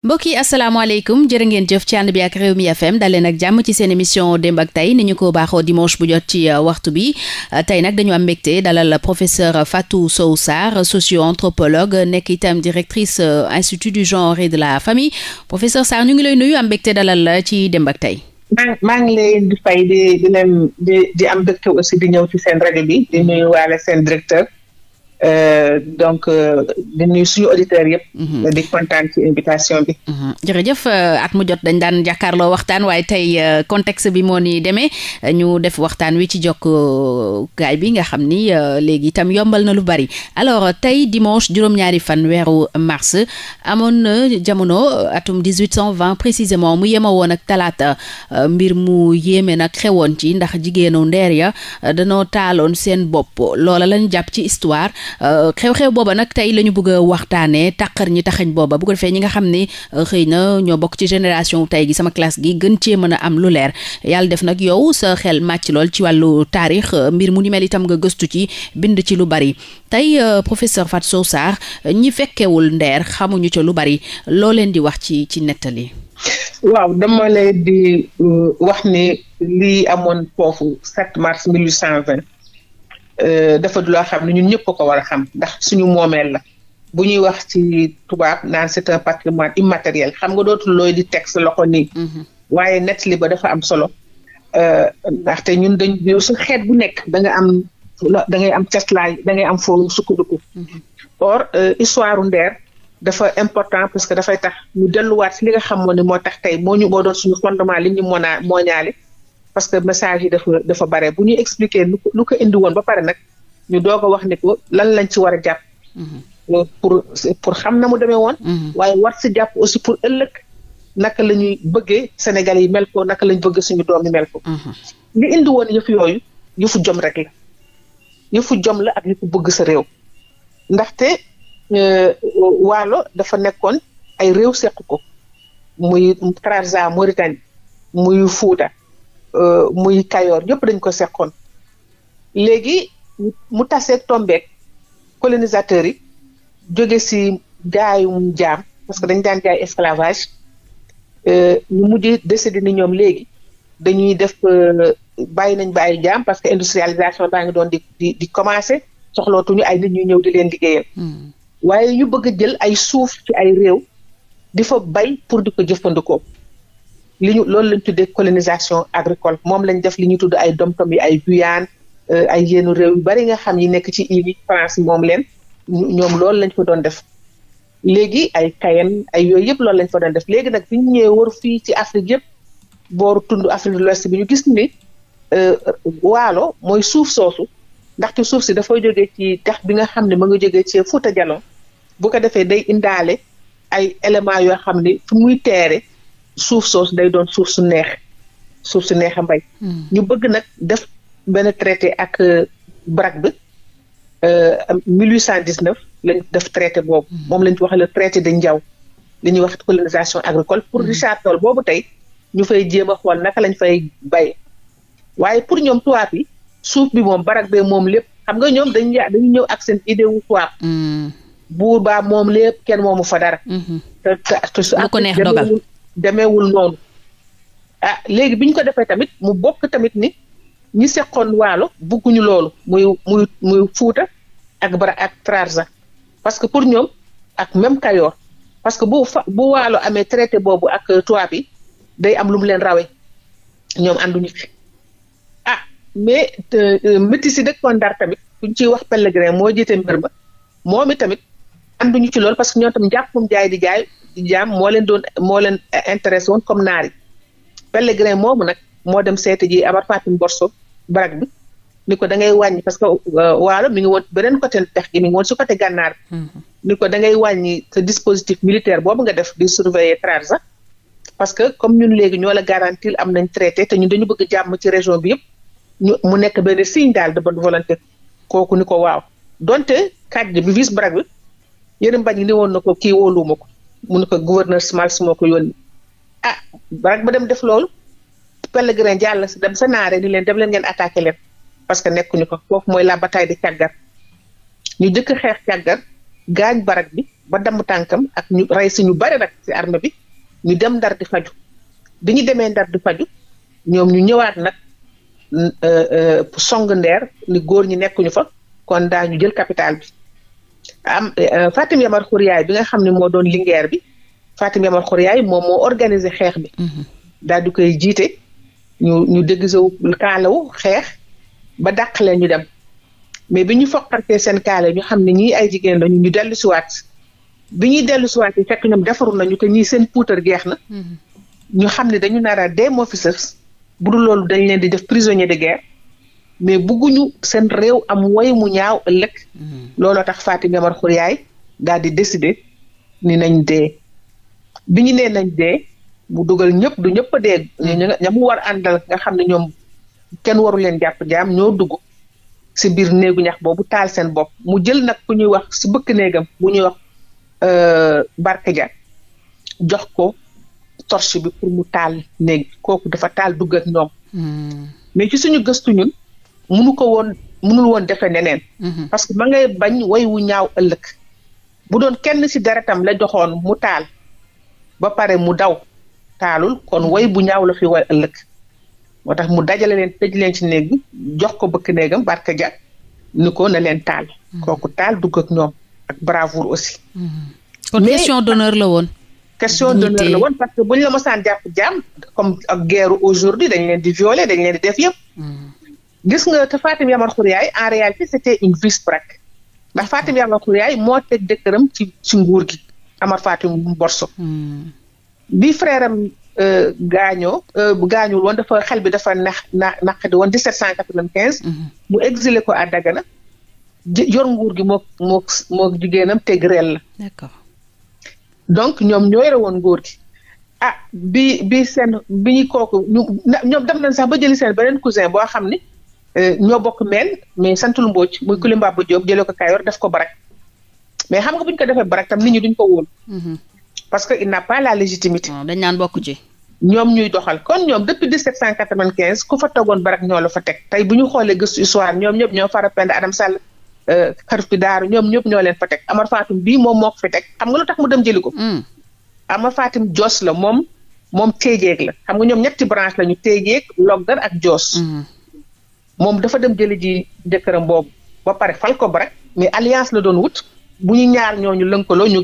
mbokk yi asalaamaaleykum jërë ngeen jëf ci ànd bi ak réew mi FM daleen ak jàmm ci seen émission démb tey ni ñu ko baaxoo dimanche bu jot ci euh, waxtu bi euh, tey nag dañu am mbégte dalal professeur Fatou Sow saar socio-anthropologue nekk itam directrice euh, institut du genre et de la famille professeur Sarr ñu ngi lay nuyu am mbégte dalal ci démb ak tey. maa ngi lay di fay di di di am mbégte aussi di ñëw ci seen rajo bi di nuyu waale seen directeur. Euh, donc euh, suñu auditeurs yëpp. Mhm. bi. Mhm. jërëjëf euh, at mu jot dañ daan jàkkaarloo waxtaan waaye tey contexte bi moo ni demee ñu def waxtaan wi ci kaay bi nga xam ni léegi itam yombal na lu bari alors tey dimanche juróom-ñaari fan weeru mars amoon na jamono atum dix huit cent vingt mu yema woon ak talaata mbir mu yéeme nag xewoon ci ndax jigéenu ndeer ya danoo taaloon seen bopp loola lañ jàpp ci histoire. Euh, xew-xew booba nag tey la ñu bëgg a waxtaanee tàqar ñi taxañ booba bu ko defee ñi nga xam ni euh, xëy na ñoo bokk ci génération tey gi sama classe gi gën cee mën a am lu leer yàlla def nag yow sa xel màcc lool ci wàllu taarix euh, mbir mu ni mel itam nga gëstu ci bind ci lu bari tey professeur fat Sow Sarr ñi fekkewul ndeer xamuñu ca lu bari loo leen di wax ci ci nettali waaw dama lay di wax ne lii amoon foofu 7 mars Euh, dafa du loo xam ne ñun ñëpp ko war a xam ndax suñu moomeel la bu ñuy wax ci tubaab naan c'est un patrimoine immatériel xam nga dootu looy di teg sa loxo nii. Mhm. waaye nettali ba dafa am solo. Euh, ndaxte ñun dañ xeet bu nekk da nga am da ngay am teslaay da ngay am foofu sukkandiku. Mhm. or euh, histoire Nder dafa important parce que dafay tax ñu delluwaat si li nga xam ne moo tax tey moo ñu moo doon suñu fondement li ñu mën a mooñaale parce que message yi dafa dafa bare bu ñuy expliquer lu ko lu indi woon ba pare nag ñu doog a wax ni ko lan lañ ci war a jàpp. Mm-hmm. Euh, pour pour xam na mu demee woon. Mm-hmm. waaye war si jàpp aussi pour ëllëg naka la ñuy bëggee Sénégal yi mel ko naka lañ bëgg suñu doom yi mel ko. li mm-hmm. indi woon yëf yooyu yëfu jom rek la yëfu jom la ak yëfu bëgg sa réew ndaxte euh, waalo dafa nekkoon ay réew seq ko muy Trarza Mauritanie muy Fouta. Euh, muy Kayoor yëpp dañ ko seqoon léegi mu taseeg tombeek colonisateurs yi jóge si jaayum jaam parce que dañ daan jaay esclavage euh, ñu mujj décidé ni ñoom léegi dañuy def euh, bàyyi nañ ba ay jaam parce que industrialisation baa ngi doon di di di commencé ay nit ñuy ñëw di leen liggéeyal hmm. waaye ñu bëgg jël ay suuf ci ay réew di fa bay pour di ko jëfandikoo li ñu loolu lañ tuddee colonisation agricole moom lañ def li ñu tudd ay domtom yi ay Guyane euh, ay yenn réew yu bari nga xam yi nekk ci île yi France moom leen ñoom loolu lañ fa doon def léegi ay Cayenne ay yooyu yëpp loolu lañ fa doon def léegi nag bi ñu ñëwee wër fii ci Afrique yëpp booru tund Afrique de bi ñu gis ni euh, waalo mooy suuf soosu ndaxte suuf si dafay jógee ci dex bi nga xam ne ma nga jógee ci Fuuta Jalon bu ko defee day indaale ay éléments yoo xam ne fu muy teere suuf soosu day doon suuf su neex suuf su neex a mbay. Hmm. ñu bëgg nag def benn traité ak euh, BRAC bi 1819 euh, lañ def traité boobu. Hmm. moom lañ wax le traité de Ndiaw li ñuy wax colonisation agricole pour hmm. Richard Toll boobu tey ñu fay jéem a xool naka lañ fay bay waaye pour ñoom tubaab yi suuf bi moom barak bee moom lépp xam nga ñoom dañuy dañu ñëw ak seen idée wu tubaab. buur baa moom lépp kenn moomu fa dara. te te su ko neex dogal demeewul noonu ah léegi bi ñu ko defee tamit mu bokk tamit ni ñi seqoon waalo bugguñu loolu muy muy muy fuuta ak bara ak trarza parce que pour ñoom ak même kayoor parce que bu fa bu waalo amee traité boobu ak euh, tubaab yi day am lu mu leen rawee ñoom ànduñu fi ah mais euh, euh, métis yi dëkkoon Ndar tamit kuñ ciy wax Pellegrin moo jiite mbir ma moom i tamit ànduñu ci loolu parce que ñoom tam jàppum jaay di jaay jaam moo leen doon moo leen eh, intéressé woon comme naar yi Pellegrin moomu nag moo dem seete ji Abar Fatim Borso barak bi ni ko da ngay wàññi parce que euh, waalo mi ngi woon beneen côté pex gi mi ngi woon si gànnaar mm-hmm. ko da ngay wàññi sa dispositif militaire boobu nga def di surveiller Trarza parce que comme ñun léegi ñoo la garantir am nañ traité te ñun dañu bëgg jàmm ci région bi yëpp mu nekk benn signe daal de bonne volonté kooku ni ko waaw donte kàddu bi vice barak bi yërëm bañ ni woon na ko kii wóoluwuma ko mu ne ko gouverneur Smart suma ko yónni ah rek ba dem def loolu pèlerin jàll si dem sa naare di leen dem leen ngeen attaqué leen parce que nekkuñu ko foofu mooy la bataille de càggar ñu jëkk xeex càggar gaañ barak bi ba damm tànkam ak ñu rey si ñu bari rek si armée bi ñu dem ndar di faju bi ñu demee ndar di faju ñoom ñu ñëwaat nag euh, euh, song ndeer ni góor ñi nekkuñu fa kon daa ñu jël capital bi am euh, Fatim Yamar Khouriaye bi nga xam ne moo doon lingeer bi Fatim Yamar Khouriaye moom moo organiser xeex bi. Mhm. daal di koy jiite ñu ñu déguisé wu kaalawu xeex ba dàq leen ñu dem mais bi ñu foqartee seen kaala ñu xam ne ñii ay jigéen lañu ñu dellu siwaat waat bi ñuy dellu siwaat yi fekk ñoom defaru nañu ko ñii seen puutar geex na. Mhm. ñu xam ne dañu nar a des officers bu dul loolu dañ leen di def prisonnier de guerre. mais bugguñu seen réew am woy mu ñaaw ëllëg. Mhm. looloo tax Fatou Ndiamar Khouriaye daal di décider ni nañ dee bi ñu nee nañ dee mu dugal ñëpp du ñëpp a dee mhm. ña mu war àndal nga xam ne ñoom kenn waru leen jàpp jaam ñoo dugg si biir néegu ñax boobu taal seen bopp mu jël nag ku ñuy wax si bëkk néegam bu ñuy wax euh, Barke Dia jox ko torche bi pour mu taal néeg kooku dafa taal dugg ak ñoom. Mhm. mais ci suñu gëstu munu ko woon munul woon defee neneen. Mhm. parce que ma ngay bañ woy wu ñaaw ëllëg. bu doon kenn ci deretam la joxoon mu taal ba pare mu daw taalul kon woy bu ñaaw la fi way ëllëg moo tax mu dajale leen tëj leen ci néeg jox ko bëkk néegam barka ja ni ko na leen taal. Mhm. kooku taal dugg ak ñoom ak bravoure aussi. Mhm. kon question d'honneur la woon. question d'honneur la woon parce que bu ñu la mosaan jàpp jaam comme ak guerre aujourd'hui dañ leen di violer dañ leen di def yëpp. gis nga te Fatim Yamar Khouraïa en réalité c' était une vice braque ndax Fatim Yamar moo teg dëkkëram ci ci nguur gi Amar Fatim Borso. Hmm. bi frère am euh, gaañoo euh, gaañul woon dafa xel bi dafa nax na naqadi woon 1795. Hmm. mu exilé ko à Dagana. yor nguur gi moo moo jigéenam teg reel la. d'accord donc ñoom ñoo yore woon nguur gi. a ah, bi bi seen bi ñu kooku ñu ñoom dem nañ sax ba jëli seen beneen cousin boo xam ni. Euh, ñoo bokk meen mais santul Mbodj muy bu Diop jëlee ko Kayor def ko barak mais xam nga bu ñu ko defee barak tam nit ñi duñ ko wóol. Mm-hmm. parce que il n'a pas la légitimité. dañ naan bokk ci. ñoom ñuy doxal kon ñoom depuis 1795 ku fa toogoon barak ñoo la fa teg tey bu ñu xoolee gëstu histoire ñoom ñëpp ñoo fara pend Adam Sall euh, xaruf bi daaru ñoom ñëpp ñoo leen fa teg Amar Fatim bii moom moo ko fi teg xam nga lu tax mu dem jëli ko. Mm. Amar Fatim joos la moom moom téejeeg la xam nga ñoom ñetti branche la ñu téejeeg loggar ak Jos. Mm-hmm. moom dafa dem jëli ji jëkkëram boobu ba pare fal ko ba mais alliance la doon wut bu ñu ñaar ñooñu lënkaloo ñu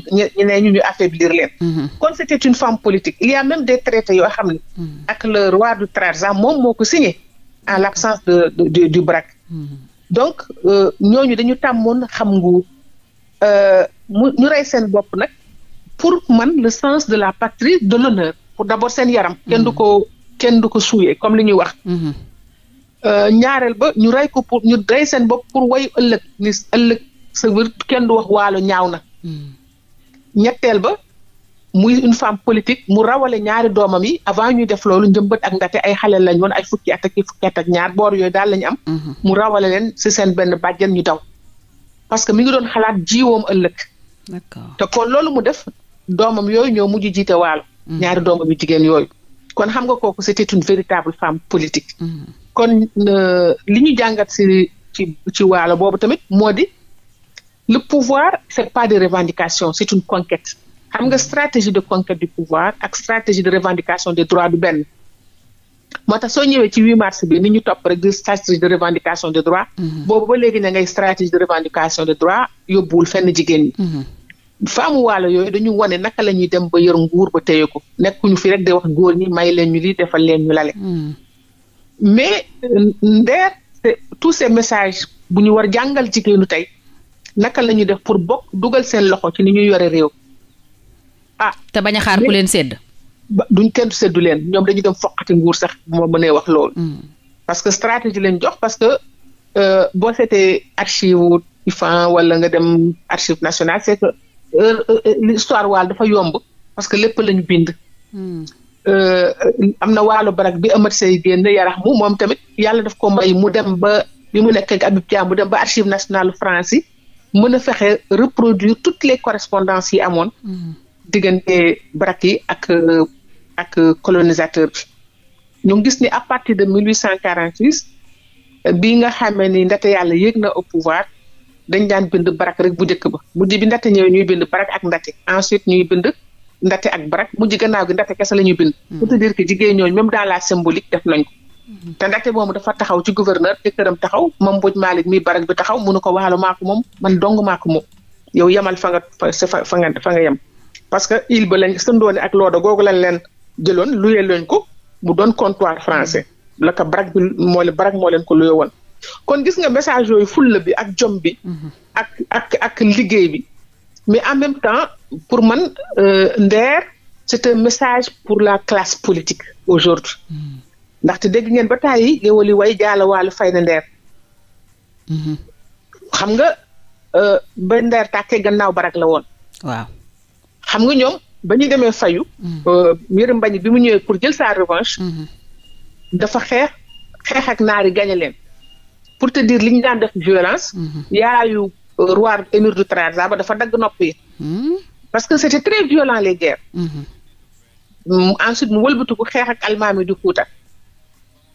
nee ñu ñu affaiblir leen. Mhm. kon c' était une femme politique il y a même des yoo xam ne. Mhm. ak le roi du Trarza moom moo ko signé en mhm. l' absence de du du BRAC. donc euh, ñooñu dañu tàmmoon xam nguur euh, mu ñu rey seen bopp nag pour man le sens de la patrie de l'honneur pour d' seen yaram. kenn du ko kenn du ko suuyee comme li ñuy wax. Euh, ñaareel ba ñu rey ko pour ñu rey seen bopp pour wayu ëllëg ëllëg sa wër kenn du wax waalo ñaaw na hmm. ñetteel ba muy une femme politique mu rawale ñaari doomam yi avant ñu def loolu njëmbat ak ndate ay xale lañ woon ay fukki at ak fukki ak ñaar boor yooyu daal lañu am hmm. mu rawale leen si seen benn bàjjen ñu daw parce que mu ngi doon xalaat jiwoom ëllëg te kon loolu mu def doomam yooyu ñoo mujj jiite waalo hmm. ñaari doomam yu jigéen yooyu kon xam nga kooku c'était une véritable femme politique kon li ñu jàngat si ci ci waalo boobu tamit moo di le pouvoir c'est pas des revendications c'est une conquête xam nga stratégie de conquête du pouvoir ak stratégie de revendication des droits du benn moo tax soo ñëwee ci 8 mars bi ni ñu topp rek di stratégie de revendication de droits mhm. boobu ba léegi na ngay stratégie de revendication des droits yóbbuwul fenn jigéen ñi mhm. faamu waalo yooyu dañu wane naka la ñuy dem ba yor nguur ba téye ko nekkuñu fi rek di wax góor ñi may leen ñu li defal leen ñu mais euh, ndeer tous ces messages bu ñu war jàngal jigéenu tey naka la ñuy def pour bokk dugal seen loxo ci ni ñuy yore réew. a ah. te bañ a xaar ku leen sedd. duñ kenn seddu leen ñoom dañu dem foqati nguur sax moo mënee wax lool mm. parce que stratégie lañ jox parce que euh, boo seetee archive IFAN wala nga dem archive nationale c'est que euh, l'histoire waal dafa yomb parce que lépp lañ bind. Mm. Euh, am na waalo barak bi amat Seye génn yarax mu moom tamit yàlla def ko may mu dem ba bi mu nekk ak Habib Thiam mu dem ba archive nationale France yi mën a fexe reproduire toutes les correspondances yi amoon mm-hmm. diggante barak yi ak euh, ak euh, colonisateur bi ñu gis ni à partir de 1846 bi nga xamee ni ndate yàlla yéeg na au pouvoir dañ daan bind barak rek bu jëkk ba mujj bi ndate ñëwe ñuy bind barak ak ndate ensuite ñuy bind ndate ak barak mujj gannaaw gi ndate kese la ñu bind. Hmm. pour te dire que jigéen ñooñu même dans la symbolique def nañ ko. Hmm. te boobu dafa taxaw ci gouverneur jëkkëram taxaw ma Mbodj Malick mi barak bi taxaw mënu ko waalo maa ko moom man dong maa ko moom yamal fa nga fa fa nga fa nga yem. parce que il ba lañ sëndoone ak looda googu lañ leen jëloon luyee lañ ko mu doon comptoir français hmm. la ko barak bi moo leen barak moo leen ko luyee woon. kon gis nga message yooyu fulla bi ak jom bi. ak ak liggéey bi mais en même temps. pour man euh, Nder c'est un message pour la classe politique aujourd'hui hmm. ndaxte dégg ngeen ba taay yi géwël way jaala waalu fay na Nder hmm. xam nga euh, ba Nder tàkkee gannaaw barak la woon waaw xam nga ñoom ba ñu demee fayu hmm. euh, Mbañ bi mu ñëwee pour jël sa revanche dafa xeex xeex ak naari gañe leen pour te dire li ñu daan def violence yaayu euh, roi émir du Trarza ba dafa dagg noppi parce que c'était très violent les guerres. Mm-hmm. mu ensuite mu wëlbatiku xeex ak almaami du Fuuta.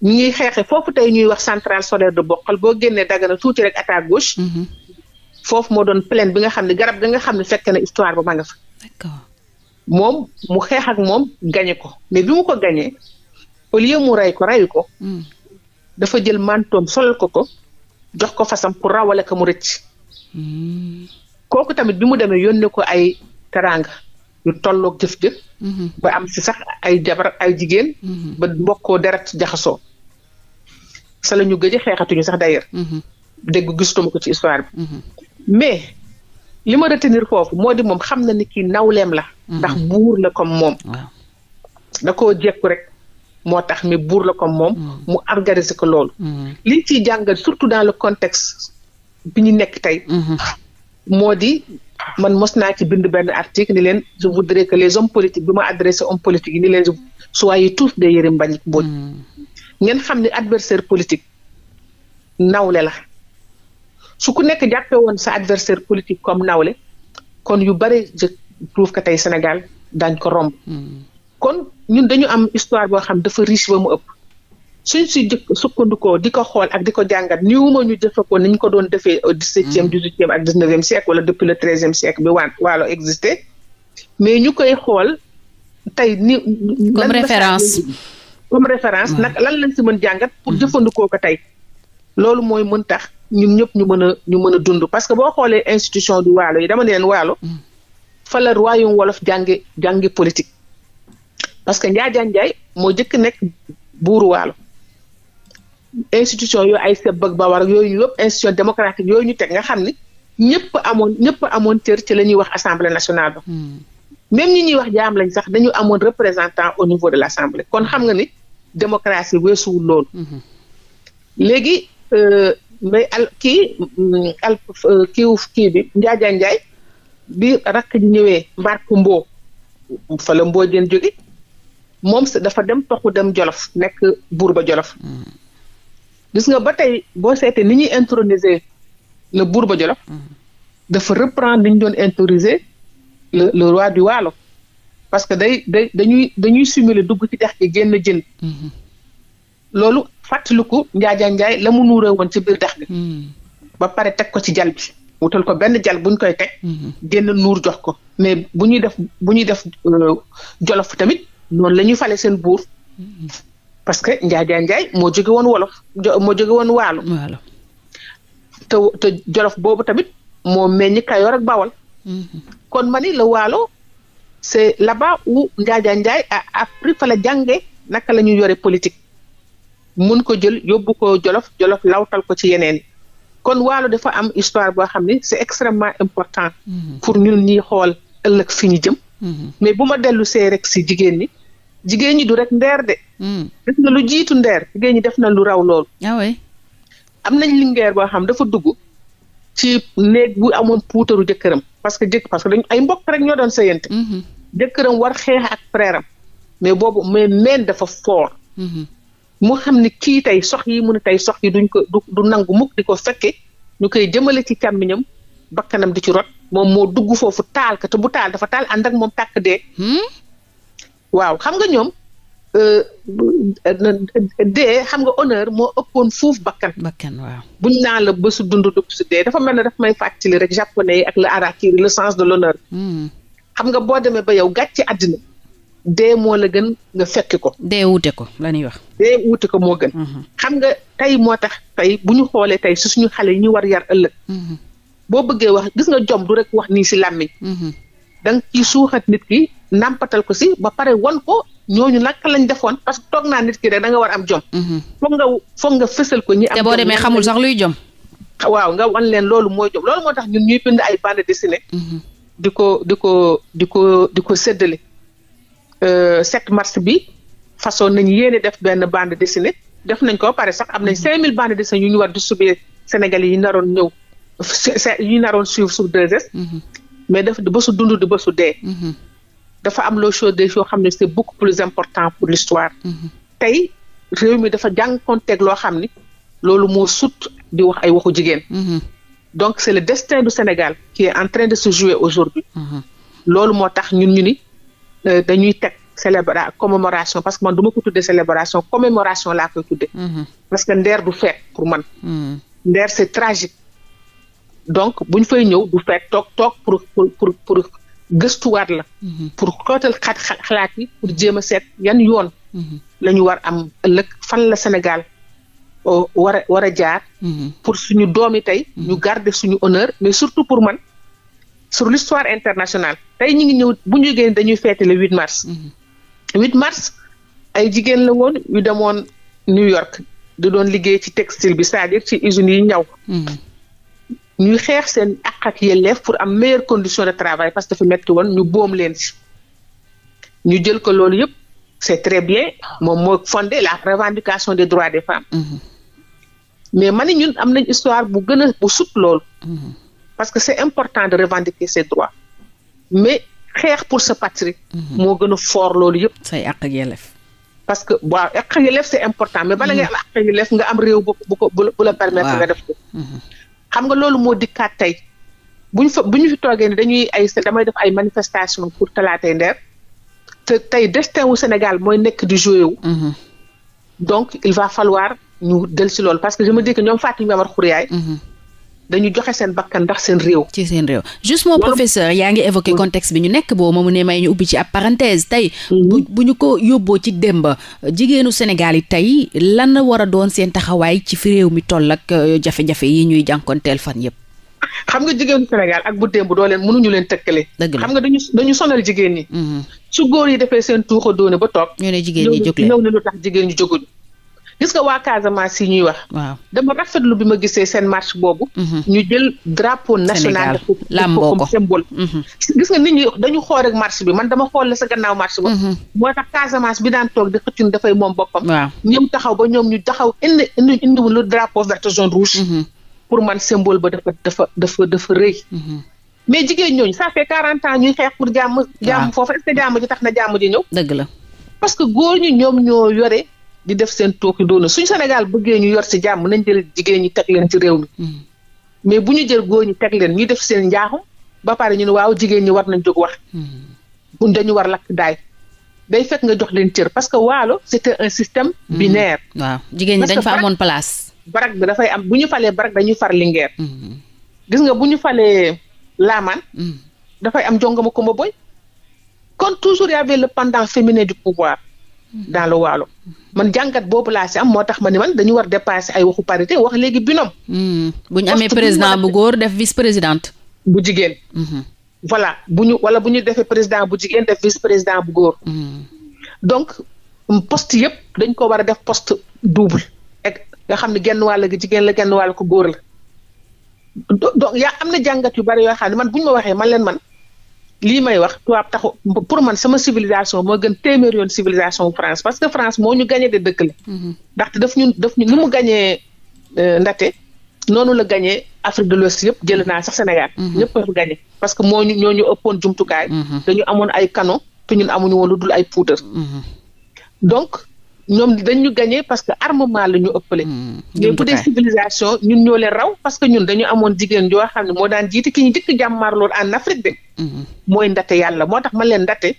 ñuy xeexe foofu tey ñuy wax centrale solaire de Bokhol boo génnee Dagana tuuti rek attaque gauche. Mm-hmm. foofu moo doon plaine bi nga xam ne garab gi nga xam ne fekk na histoire ba ma nga fa. moom mu xeex moom gañe ko mais bi ko gañee au mu rey ko reyu ko. Mm. dafa jël mantoom solal ko ko jox ko fasam pour rawale ko mu rëcc. Mm. kooku tamit bi mu demee yónnee ko ay teraanga yu tolloog jëf jëf mm-hmm. ba am si sax ay jabar ay jigéen mm-hmm. ba mbokkoo deret jaxasoo sa lañu ñu xeexatuñu sax d'ailleurs mm-hmm. dégg gisutuma ko ci histoire bi mais li ma retenir foofu moo di moom xam na ni kii nawleem la ndax buur la comme moom da ko jekku rek moo tax mi buur la comme moom mu organiser ko loolu liñ ciy jàngal surtout dans le contexte bi ñu nekk tey moo di man mos naa ci bind benn article ni leen je voudrais que les hommes politiques bi ma adressé hommes politiques yi ni leen soyez tous des Yérim Mbagnick Mbodj hmm. ngeen xam ne adversaire politique nawle la su ku nekk jàppee woon sa adversaire politique comme nawle kon yu bëri je trouve que tey Sénégal daañ ko romb hmm. kon ñun dañu am histoire boo xam dafa riche bo mu ëpp suñ si sukkandikoo di ko xool ak di ko jàngat ni wuma ñu jëfe ko nañ ko doon defee au dix-septième mm. dix-huitième ak dix-neuvième siècle wala depuis le treizième siècle bi waan waalo existé mais ñu koy xool tey ni comme référence comme référence nag lan lañ si mën jàngat pour mm. jëfandikoo ko tey loolu mooy mën tax ñu ñëpp ñu mën a ñu mën a dund parce que boo xoolee institution du waalo yi dama ne leen waalo mm. fa la royaume wolof jàngi jàngi politique parce que Njaajaan Njaay moo jëkk nekk buuru waalo institution yooyu ay sëb ak bawar yooyu yëpp institution démocratique yooyu ñu teg nga xam ni ñëpp amoon ñëpp amoon cër ci la ñuy wax assemblée nationale ba. Hmm. même ñi ñuy wax jaam lañ sax dañu amoon représentant au niveau de l' assemblée kon xam nga ni démocratie weesuwul loolu. Hmm. léegi euh, mais al kii hmm, al euh, kiiw kii bi Ndiadia Ndiaye bi rakk ji ñëwee Mbark mboo fa la Mbow jën jóge moom dafa dem toxu dem Jolof nekk buur ba Jolof. gis nga ba tey boo seetee ni ñuy introniser le Bourba Jolof mhm. dafa reprendre ni ñu doon introniser le le roi du parce que day day dañuy dañuy simuler dugg ci dex gi génn jën mhm. loolu fàttaliku njaaja njaay la mu nuuree woon ci biir dex bi mhm. ba pare teg ko ci jal bi wutal ko benn jal buñ koy teg génn nuur jox ko mais bu ñuy def bu ñuy def euh, jolof tamit noonu la ñuy fale seen buur parce que njaajaan njaay moo jóge woon wolof moo jóge woon waalo te te jolof boobu tamit moo meññ kayoor ak bawal mm-hmm. kon mani ni la waalo c'est là-bas où njaajaan njaay a appris fa la jànge naka la ñu yore politique mun ko jël yóbbu ko jolof jolof lawtal ko ci yeneen kon walo dafa am histoire boo xam ni c'est extrêmement important mm-hmm. pour ñu ñuy xool ëllëg fi ñu jëm mm-hmm. mais bu ma dellu rek si jigéen ñi jigéen ñi du rek ndeer de. gis hmm. nga lu jiitu ndeer jigéen ñi def na lu raw lool. ah am nañ lingeer boo xam dafa dugg ci néeg bu amoon puutaru jëkkëram parce que jëkk parce que dañ ay mbokk rek ñoo doon sëyante. Hmm. jëkkëram war xeex ak frère mais boobu mais meen dafa fort. Hmm. mu xam ne kii tey sox yi mu ne tey sox yi duñ ko du nangu mukk di ko fekke ñu koy jëmale ci càmmiñam bakkanam di ci rot moom moo dugg foofu taal ka bu taal dafa taal ànd ak moom tàkk dee. waaw xam nga ñoom euh, euh, dee xam nga honneur moo ëppoon fuuf bakkan. bakkan waaw buñ naan la bésu dund du bésu dee dafa mel ne daf may fàttali rek japonais yi ak le harakiri le sens de l'honneur hmm. xam nga boo demee ba yow gàcce àddina dee moo la gën nga fekki ko. dee wuute ko la ñuy wax. dee wuute ko moo gën. Hmm. xam nga tey moo tax tey bu ñu xoolee tey si suñu xale yi ñu war yar ëllëg. Hmm. boo bëggee wax gis nga jom du rek wax nii si làmmiñ. da nga ciy nit ki. nampatal ko si ba pare won ko ñooñu naka lañ defoon parce que toog na nit ki danga war am jom. Mhm. foog nga foog nga fësal ko ñi am. te boo demee xamul sax luy jom. waaw nga wan leen loolu mooy jom loolu moo tax ñun ñuy bind ay bande dessinée. Mhm. di ko di ko di ko di ko séddale. 7 euh, mars bi façon nañ yéene def benn bande dessinée def nañ ko pare sax am nañ mhm. mille bande dessinée yu ñu war di subee Sénégalais yi naroon ñëw yi naroon suivre sur 2S. mais daf di bësu dund di bësu dee. dafa am loo chose des yoo xam ne c'est beaucoup plus important pour l'histoire mm-hmm. tey réew mi dafa jànkonteeg loo xam ni loolu moo sut di wax ay waxu jigéen mm-hmm. donc c'est le destin du Sénégal qui est en train de se jouer aujourd'hui mm-hmm. loolu moo tax ñun ñu ni euh, dañuy teg célébration commémoration parce que man du ma ko tuddee célébration commémoration laa koy parce que ndeer du feet pour man ndeer c'est tragique donc bu ñu ñëw du feet toog toog gëstuwaat la. Mhm. pour xóotal xat xalaat yi pour jéem a seet yan yoon. Mhm. lañu ñu war am ëllëg fan la Sénégal euh, war a war a jaar. Mhm. pour suñu doomi tey. ñu garder suñu honneur mais surtout pour man sur l'histoire international tey ñu ngi ñëw bu ñu génn dañuy féete le 8 mars. 8 mars ay jigéen la woon yu demoon New York di doon liggéey ci textile bi saa à ci usines yi ñaw. ñuy xeex seen àq ak yelleef pour am meilleure condition de travail parce que dafa metti woon ñu boom leen ñu jël ko loolu yëpp c'est très bien moom moo fondé la revendication des droits des femmes mm mais ma ne ñun am nañ histoire bu gën a bu sut loolu mm-hmm. parce que c'est important de revendiquer ses droits mais xeex pour sa patrie mm-hmm. moo gën a fort loolu yëpp say àq ak parce que waaw àq ak yelleef c'est important mais bala ngay am àq nga am réew bu ko bu la permettre nga def ko xam nga loolu moo dikkaat tey bu ñu fa bu ñu fi toogee ne dañuy ay damay def ay manifestation pour talaatay nder te tey destin wu Sénégal mooy nekk di joué wu. Mhm. donc il va falloir ñu del si loolu parce que je me dis que ñoom Fatou Ndiamar Khouriaye. Mhm. dañu joxe seen bakkan ndax seen réew. ci seen réew juste mon professeur yaa ngi évoqué mm. contexte bi ñu nekk boobu moomu ne may ñu ubbi ci ab parenthèse tey. bu mm-hmm. bu ñu ko yóbboo ci démb jigéenu Sénégal yi tey lan war a doon seen taxawaay ci fi réew mi toll ak euh, jafe-jafe yi ñuy jànkoonteel fan yëpp. xam nga jigéenu Sénégal ak bu démb doo leen mënuñu leen tëkkale. dëgg la xam nga dañu dañu sonal jigéen ñi. Mm-hmm. su góor yi defee seen tuuxa doone ba toog. ñu ne jigéen ñi jóg leen tax jigéen ñi jóguñu gis nga waa Casamance yi ñuy wax. waaw dama rafetlu bi ma gisee seen marche boobu. Mhm. ñu jël drapeau national. lamboo ko symbole. Mhm. bi man dama xool la sa gannaaw marche ba. Mhm. moo tax Casamance bi daan toog di xëccun dafay moom boppam. ñoom taxaw ba ñoom ñu taxaw indi indi indi lu drapeau vert jaune rouge. pour man symbole ba dafa dafa dafa dafa rëy. mais jigéen ñooñu ça fait quarante ans ñu xeex pour jàmm. jàmm foofu est-ce que jàmm ji tax na jàmm ji ñëw. parce que góor ñoom ñoo yore. di def seen tooki doona suñ Sénégal bëggee ñu yor si jàmm nañ jël jigéen ñi teg leen ci réew mi mm. mais bu ñu jël goo ñi teg leen ñuy def seen njaaxum ba pare ñu ne waaw jigéen ñi war nañ jóg wax buñ mm. dañu war lakk daay day fekk nga jox leen cër parce que waalo c'était un système mm. binaire waaw jigéen ñi dañ fa amoon place barak dafay am bu ñu falee barak dañuy far lingeer gis nga bu ñu falee laamaan dafay am jongama kumba boy kon toujours y avait le pendant féminin di pouvoir daalo waalo man jàngat boobu laa si am moo tax ma ni man dañu war dépasser ay waxu parité wax léegi binôme. Hmm. bu ñu amee président bu góor def vice présidente. bu jigéen. Hmm. voilà bu ñu wala bu ñu defee président bu jigéen def vice président bu góor. Hmm. donc poste yëpp dañ ko war a def post double. ek nga xam ne genn wàll gi jigéen la genn wàll ko góor la. donc yaa am na jàngat yu bari yoo xam ne man bu ñu ma waxee man leen man. lii may wax waa taxu pour man sama civilisation moo gën téeméer yoon civilisation France parce que France moo ñu gañe de dëkk la. Mhm. ndaxte daf ñu daf ñu ni mu gañee euh, ndate noonu la gañee Afrique de l'Ouest yëpp jële naa sax Sénégal. Mhm. ñëpp a gañe parce que moo ñu ñoo ñu ëppoon jumtukaay. Mhm. dañu amoon ay kano te ñun amuñu woon lu dul ay poudre. donc ñoom dañu gagné parce que armement la ñu ëppale. Hmm, mais bu dee civilisation ñun ñoo leen raw parce que ñun dañu amoon jigéen joo xam ne moo daan jiite ki ñu jëkk jàmmaarloon en Afrique de. Hmm. mooy ndate yàlla moo tax man leen ndate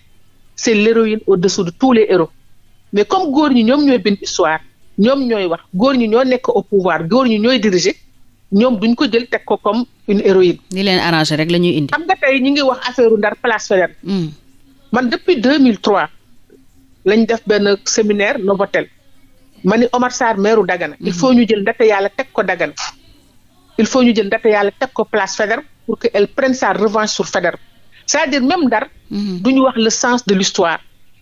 c' est l' héroïne au dessous de tous les héros mais comme góor ñi ñoom ñooy bin histoire ñoom ñooy wax góor ñi ñoo nekk au pouvoir góor ñi ñooy diriger ñoom duñ ko jël teg ko comme une héroïne. ni leen arrangé rek la ñuy indi. xam nga tey ñu ngi wax affaire Ndar place Faidherbe. Hmm. man depuis 2003. lañ def benn séminaire Novotel ma ni Omar Sarr meeru Dagana il faut ñu jël Ndata Yalla teg ko Dagana il faut ñu jël Ndata Yalla teg ko place Faidherbe pour que elle prenne sa revanche sur Faidherbe c'est-à-dire même Ndar mhm. du ñu wax le sens de l'histoire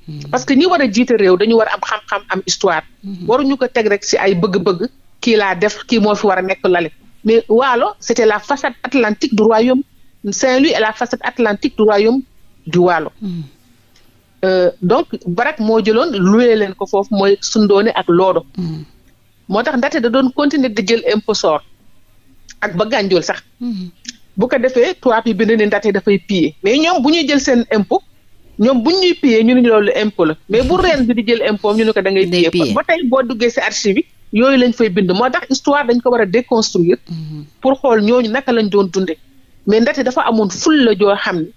mhm. parce que ñi war a jiite réew dañu war a am xam-xam am histoire mhm. waruñu ko teg rek ci ay bëgg-bëgg kii laa def kii moo fi war a nekk lale mais Waalo c'était la façade atlantique du royaume Saint-Louis et la façade atlantique du royaume du Euh, donc barak moo jëloon luwee leen ko foofu mooy sundoone ak loodo moo tax ndate da doon continuer da jël impo sort ak ba gànjool sax bu ko defee tubaab yi bind ni ndaxte dafay piller mais ñoom bu ñuy jël seen impôt ñoom bu ñuy piller ñu ne loolu impôt la mais bu reen bi di jël impo ñu ne ko da ngay piller ba tey boo duggee si archive yi yooyu lañ fay bind moo tax histoire dañ ko war a déconstruire pour xool ñooñu naka lañ doon dundee mais ndaxte dafa amoon ful la joo xam ne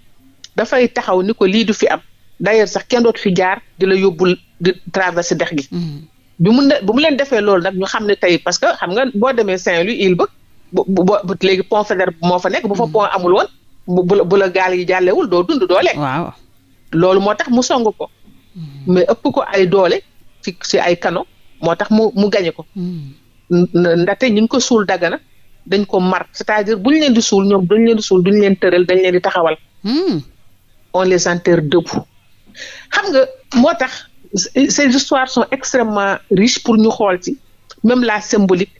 dafay taxaw ni ko lii du fi am d'ailleurs sax kenn dootu fi jaar di la yóbbul di traversé dex gi. Mhm. bi mu ne bi mu leen defee loolu nag ñu xam ne tey parce que xam nga boo demee Saint-Louis il bëgg bu léegi pont Faidherbe bu moo fa nekk bu fa mhm. pont amul woon bu bu la gaal yi jàllewul doo dund doo loolu moo tax mu song ko. Mhm. mais ëpp ko ay doole ci ci ay kano moo tax mu mu gañe ko. ndaxte ñu ngi ko suul dagana dañ ko mar c'est-à-dire buñ leen di suul ñoom duñ leen di suul leen tëral dañ leen di taxawal. on les enterre xam nga moo tax ces histoires sont extrêmement riches pour ñu xool ci même la symbolique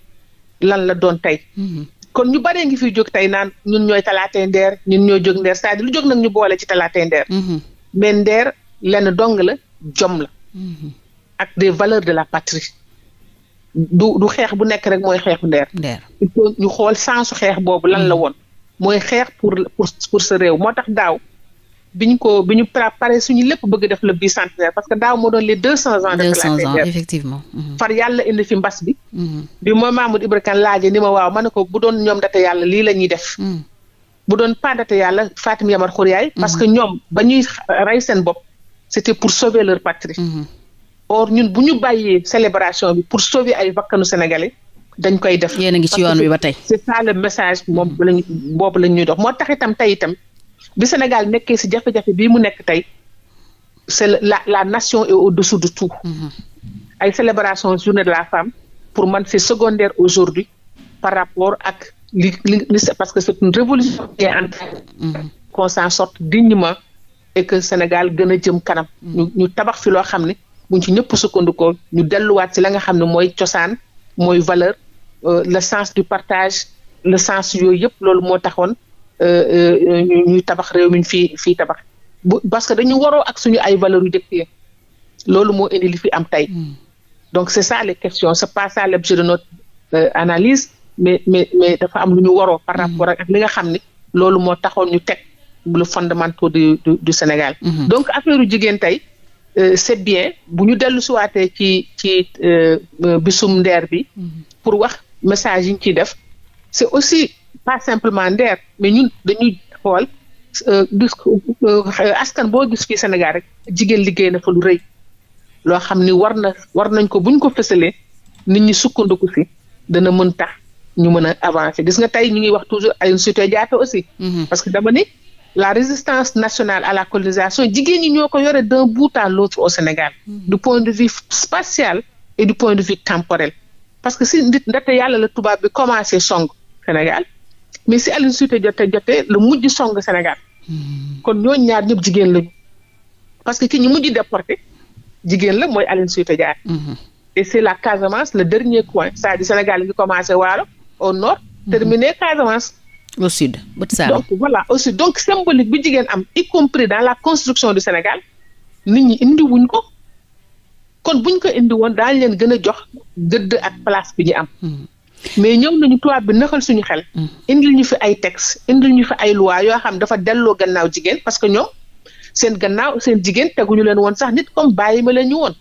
lan la doon tey. Mhm. kon ñu baree ngi fiy jóg tey naan ñun ñooy talaatay ndeer ñun ñooy jóg ndeer c'est-à-dire lu jóg nag ñu boole ci talaatay ndeer. Mhm. mais lenn dong la jom la. Mhm. valeurs de la patrie. du du xeex bu nekk rek mooy xeexu ndeer. ndeer ñu xool sensu xeex boobu lan la woon. mooy xeex pour pour sa réew moo tax daaw. bi ñu ko bi ñu préparé suñu lépp bëgg def le bicentenaire parce que daaw moo doon les deux cent ans. deux cent ans effectivement. Mhm. far yàlla indi fi mbas bi. Mhm. bi ma Mamadou Ibra Kane laajee ni ma waaw ma ne ko bu doon ñoom date yàlla lii la ñuy def. Mhm. bu doon pas date yàlla Fatim Yamar Khouriaye. parce que ñoom ba ñuy rey seen bopp. c'était pour sauver leur patrie. or ñun bu ñu bàyyee célébration bi pour sauver ay bakkanu sénégalais. dañ koy def yéen a ngi ci yoon wi ba tey. c'est message moom la la ñuy dox moo tax itam tey itam bi Sénégal nekkee si jafe-jafe bii mu nekk tey c'est la la nation est au-dessous de tout. Mm-hmm. ay célébration journée de la femme pour man c'est secondaire aujourd'hui par rapport ak li li parce que c'est une révolution e est en train mm-hmm. qu'on s'en sorte dignement et que Sénégal gën a jëm kanam. Mm-hmm. ñu tabax fi loo xam ne buñ ci ñëpp sukkandikoo ñu delluwaat ci la nga xam ne mooy cosaan mooy valeur euh, le sens du partage le sens yooyu yëpp loolu moo taxoon. Euh, euh, ñuy tabax réew miñ fii fii tabax bu parce que dañu waroo ak suñu ay valeur yu dëkk loolu moo indi li fi am tey hmm. donc c'est ça les questions c'est pas ça l'objet de notre euh, analyse mais mais dafa am lu ñu waroo par hmm. rapport ak li nga xam ni loolu moo taxoon ñu teg le fondamental de du, Sénégal mm. donc affaire yu jigéen tey Euh, c'est bien bu ñu dellu suwaatee ci ci euh, euh, bisum ndeer bi. Hmm. pour wax message yi ñu ciy def c'est aussi pas simplement ndeer mais ñun dañuy xool euh, euh, askan boo gis fii Sénégal rek jigéen liggéey na fa lu rëy loo xam ni war na war nañ ko buñ ko fësalee nit ñi sukkandiku si dana mën tax ñu mën a avancer gis nga tey ñu ngi wax toujours Aline Sitoé Diatta aussi. Mm-hmm. parce que dama ni la résistance nationale à la colonisation jigéen ñi ñoo ko yore d'un bout à l'autre au Sénégal. Mm-hmm. du point de vue spatial et du point de vue temporel. parce que si nit ndaxte yàlla la tubaab bi commencé song Sénégal mais si Aline Sitoé Diatta jotee la mujj song Sénégal hmm. kon ñooñ ñaar ñëpp jigéen lañu parce que ki ñu mujj déporté jigéen la mooy Aline Sitoé Diatta hmm. et c'est la Casamance la dernier coin saa à dire Sénégal ngi commencé waalo au nord hmm. terminé Casamance au sud donc voilà au sud donc symbolique bi jigéen am y compris dans la construction du Sénégal nit ñi indi wuñ ko kon buñ ko indi woon daañ leen gën a jox gëdd ak place bi ñu am mais ñëw nañu tubaab bi naxal suñu xel. Mm. indil ñu fi ay texte indil ñu fi ay loi yoo xam dafa delloo gannaaw jigéen parce que ñoom seen gannaaw seen jigéen teguñu leen woon sax nit comme bàyyi ma leen ñu woon.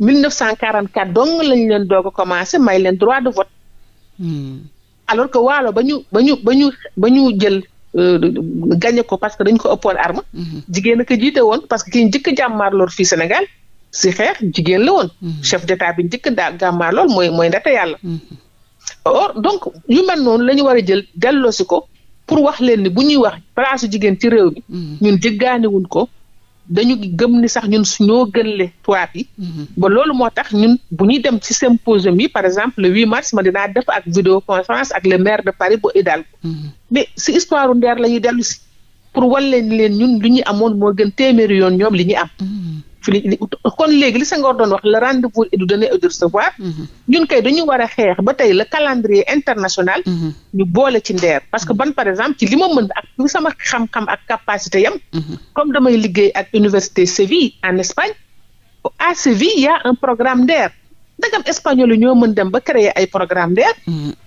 1944 dong lañ leen doog commencé may leen droit de vote. Mm. alors que waalo ba ñu ba ñu ba ñu ba ñu jël. Euh, gagné ko parce que dañ ko ëppoon arme. Mm-hmm. jigéen a ko jiite woon parce que ki njëkk jàmmaarloor fii Sénégal si xeex jigéen la woon. Mm-hmm. chef d'état bi njëkk daa jàmmaarloor mooy mooy Ndate Yàlla. Mm-hmm. or donc yu mel noonu la ñu war a jël delloosi ko pour wax leen ni bu ñuy wax place jigéen ci réew mi. Mhm. ñun jéggaaniwuñ ko dañu gëm ni sax ñun suñoo gënle tubaab yi. Mhm. ba loolu moo tax ñun bu ñuy dem ci symposium yi par exemple le march mars ma dinaa def ak vidéo conférence ak le de Paris bu Hidalgo. Mhm. mais si histoire Nder la ñuy dellu si pour wan leen leen ñun li ñu amoon moo gën téeméeri yoon ñoom li ñu am. fii kon léegi li Senghor doon wax la rendez-vous est de donner et kay dañu war a xeex ba tey la calendrier international. Mhm. ñu boole ci ndeer parce que mhm. ban par exemple ci li ma mën ak li sama xam-xam ak capacité yam. Mhm. comme damay liggéey ak université Séville en Espagne à Séville y a programme ndeer ndegam espagnol yi ñoo mën dem ba créer ay programme der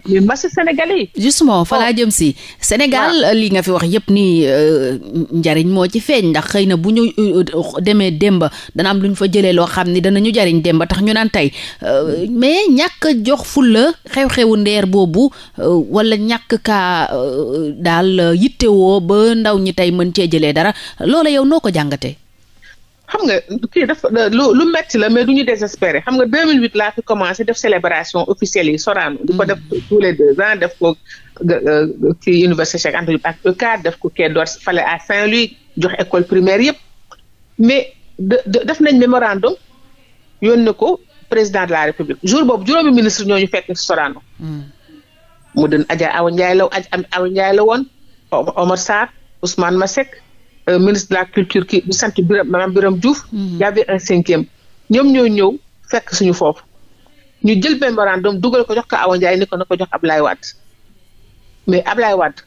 ñu mbasi mm. Sénégal yi justement fa laa oh. jëm si Sénégal li nga fi wax yëpp nii euh, njariñ moo ci feeñ ndax xëy na bu ñu euh, demee demba dana am lu ñu fa jëlee loo xam ni danañu jariñ demba tax ñu naan tey euh, mais ñàkk jox fulla xew-xewu ndeer boobu walla ñàkk kaa daal yittewoo ba ndaw ñi tey mën cee jëlee dara loola yow noo ko jàngatee xam nga kii dafa lu lu metti la mais du ñu désespéré xam nga 2008 laa fi commencé def célébration officielle yi Sorano di ko def tous les deux ans def ko kii université Cheikh Anta Diop ak UCAD e def ko Quai d'Orsay fale à Saint-Louis jox école primaire yëpp mais def nañ mémorandum yónnee ko président de la république jour boobu juróomi ministre ñoo ñu fekk Sorano. Hmm. mu doon Adja Awa Ndiaye la Adja Awa Ndiaye la woon Omar Sarr Ousmane Euh, ministre de la culture ki bu sant Birame biram Birame Diouf. Mm-hmm. y avait un cinquième. ñoom ñoo ñëw fekk suñu foofu ñu jël mémorandum dugal ko jox ko Awa Ndiaye ni ko na ko jox Ablaye Wade mais Ablaye Wade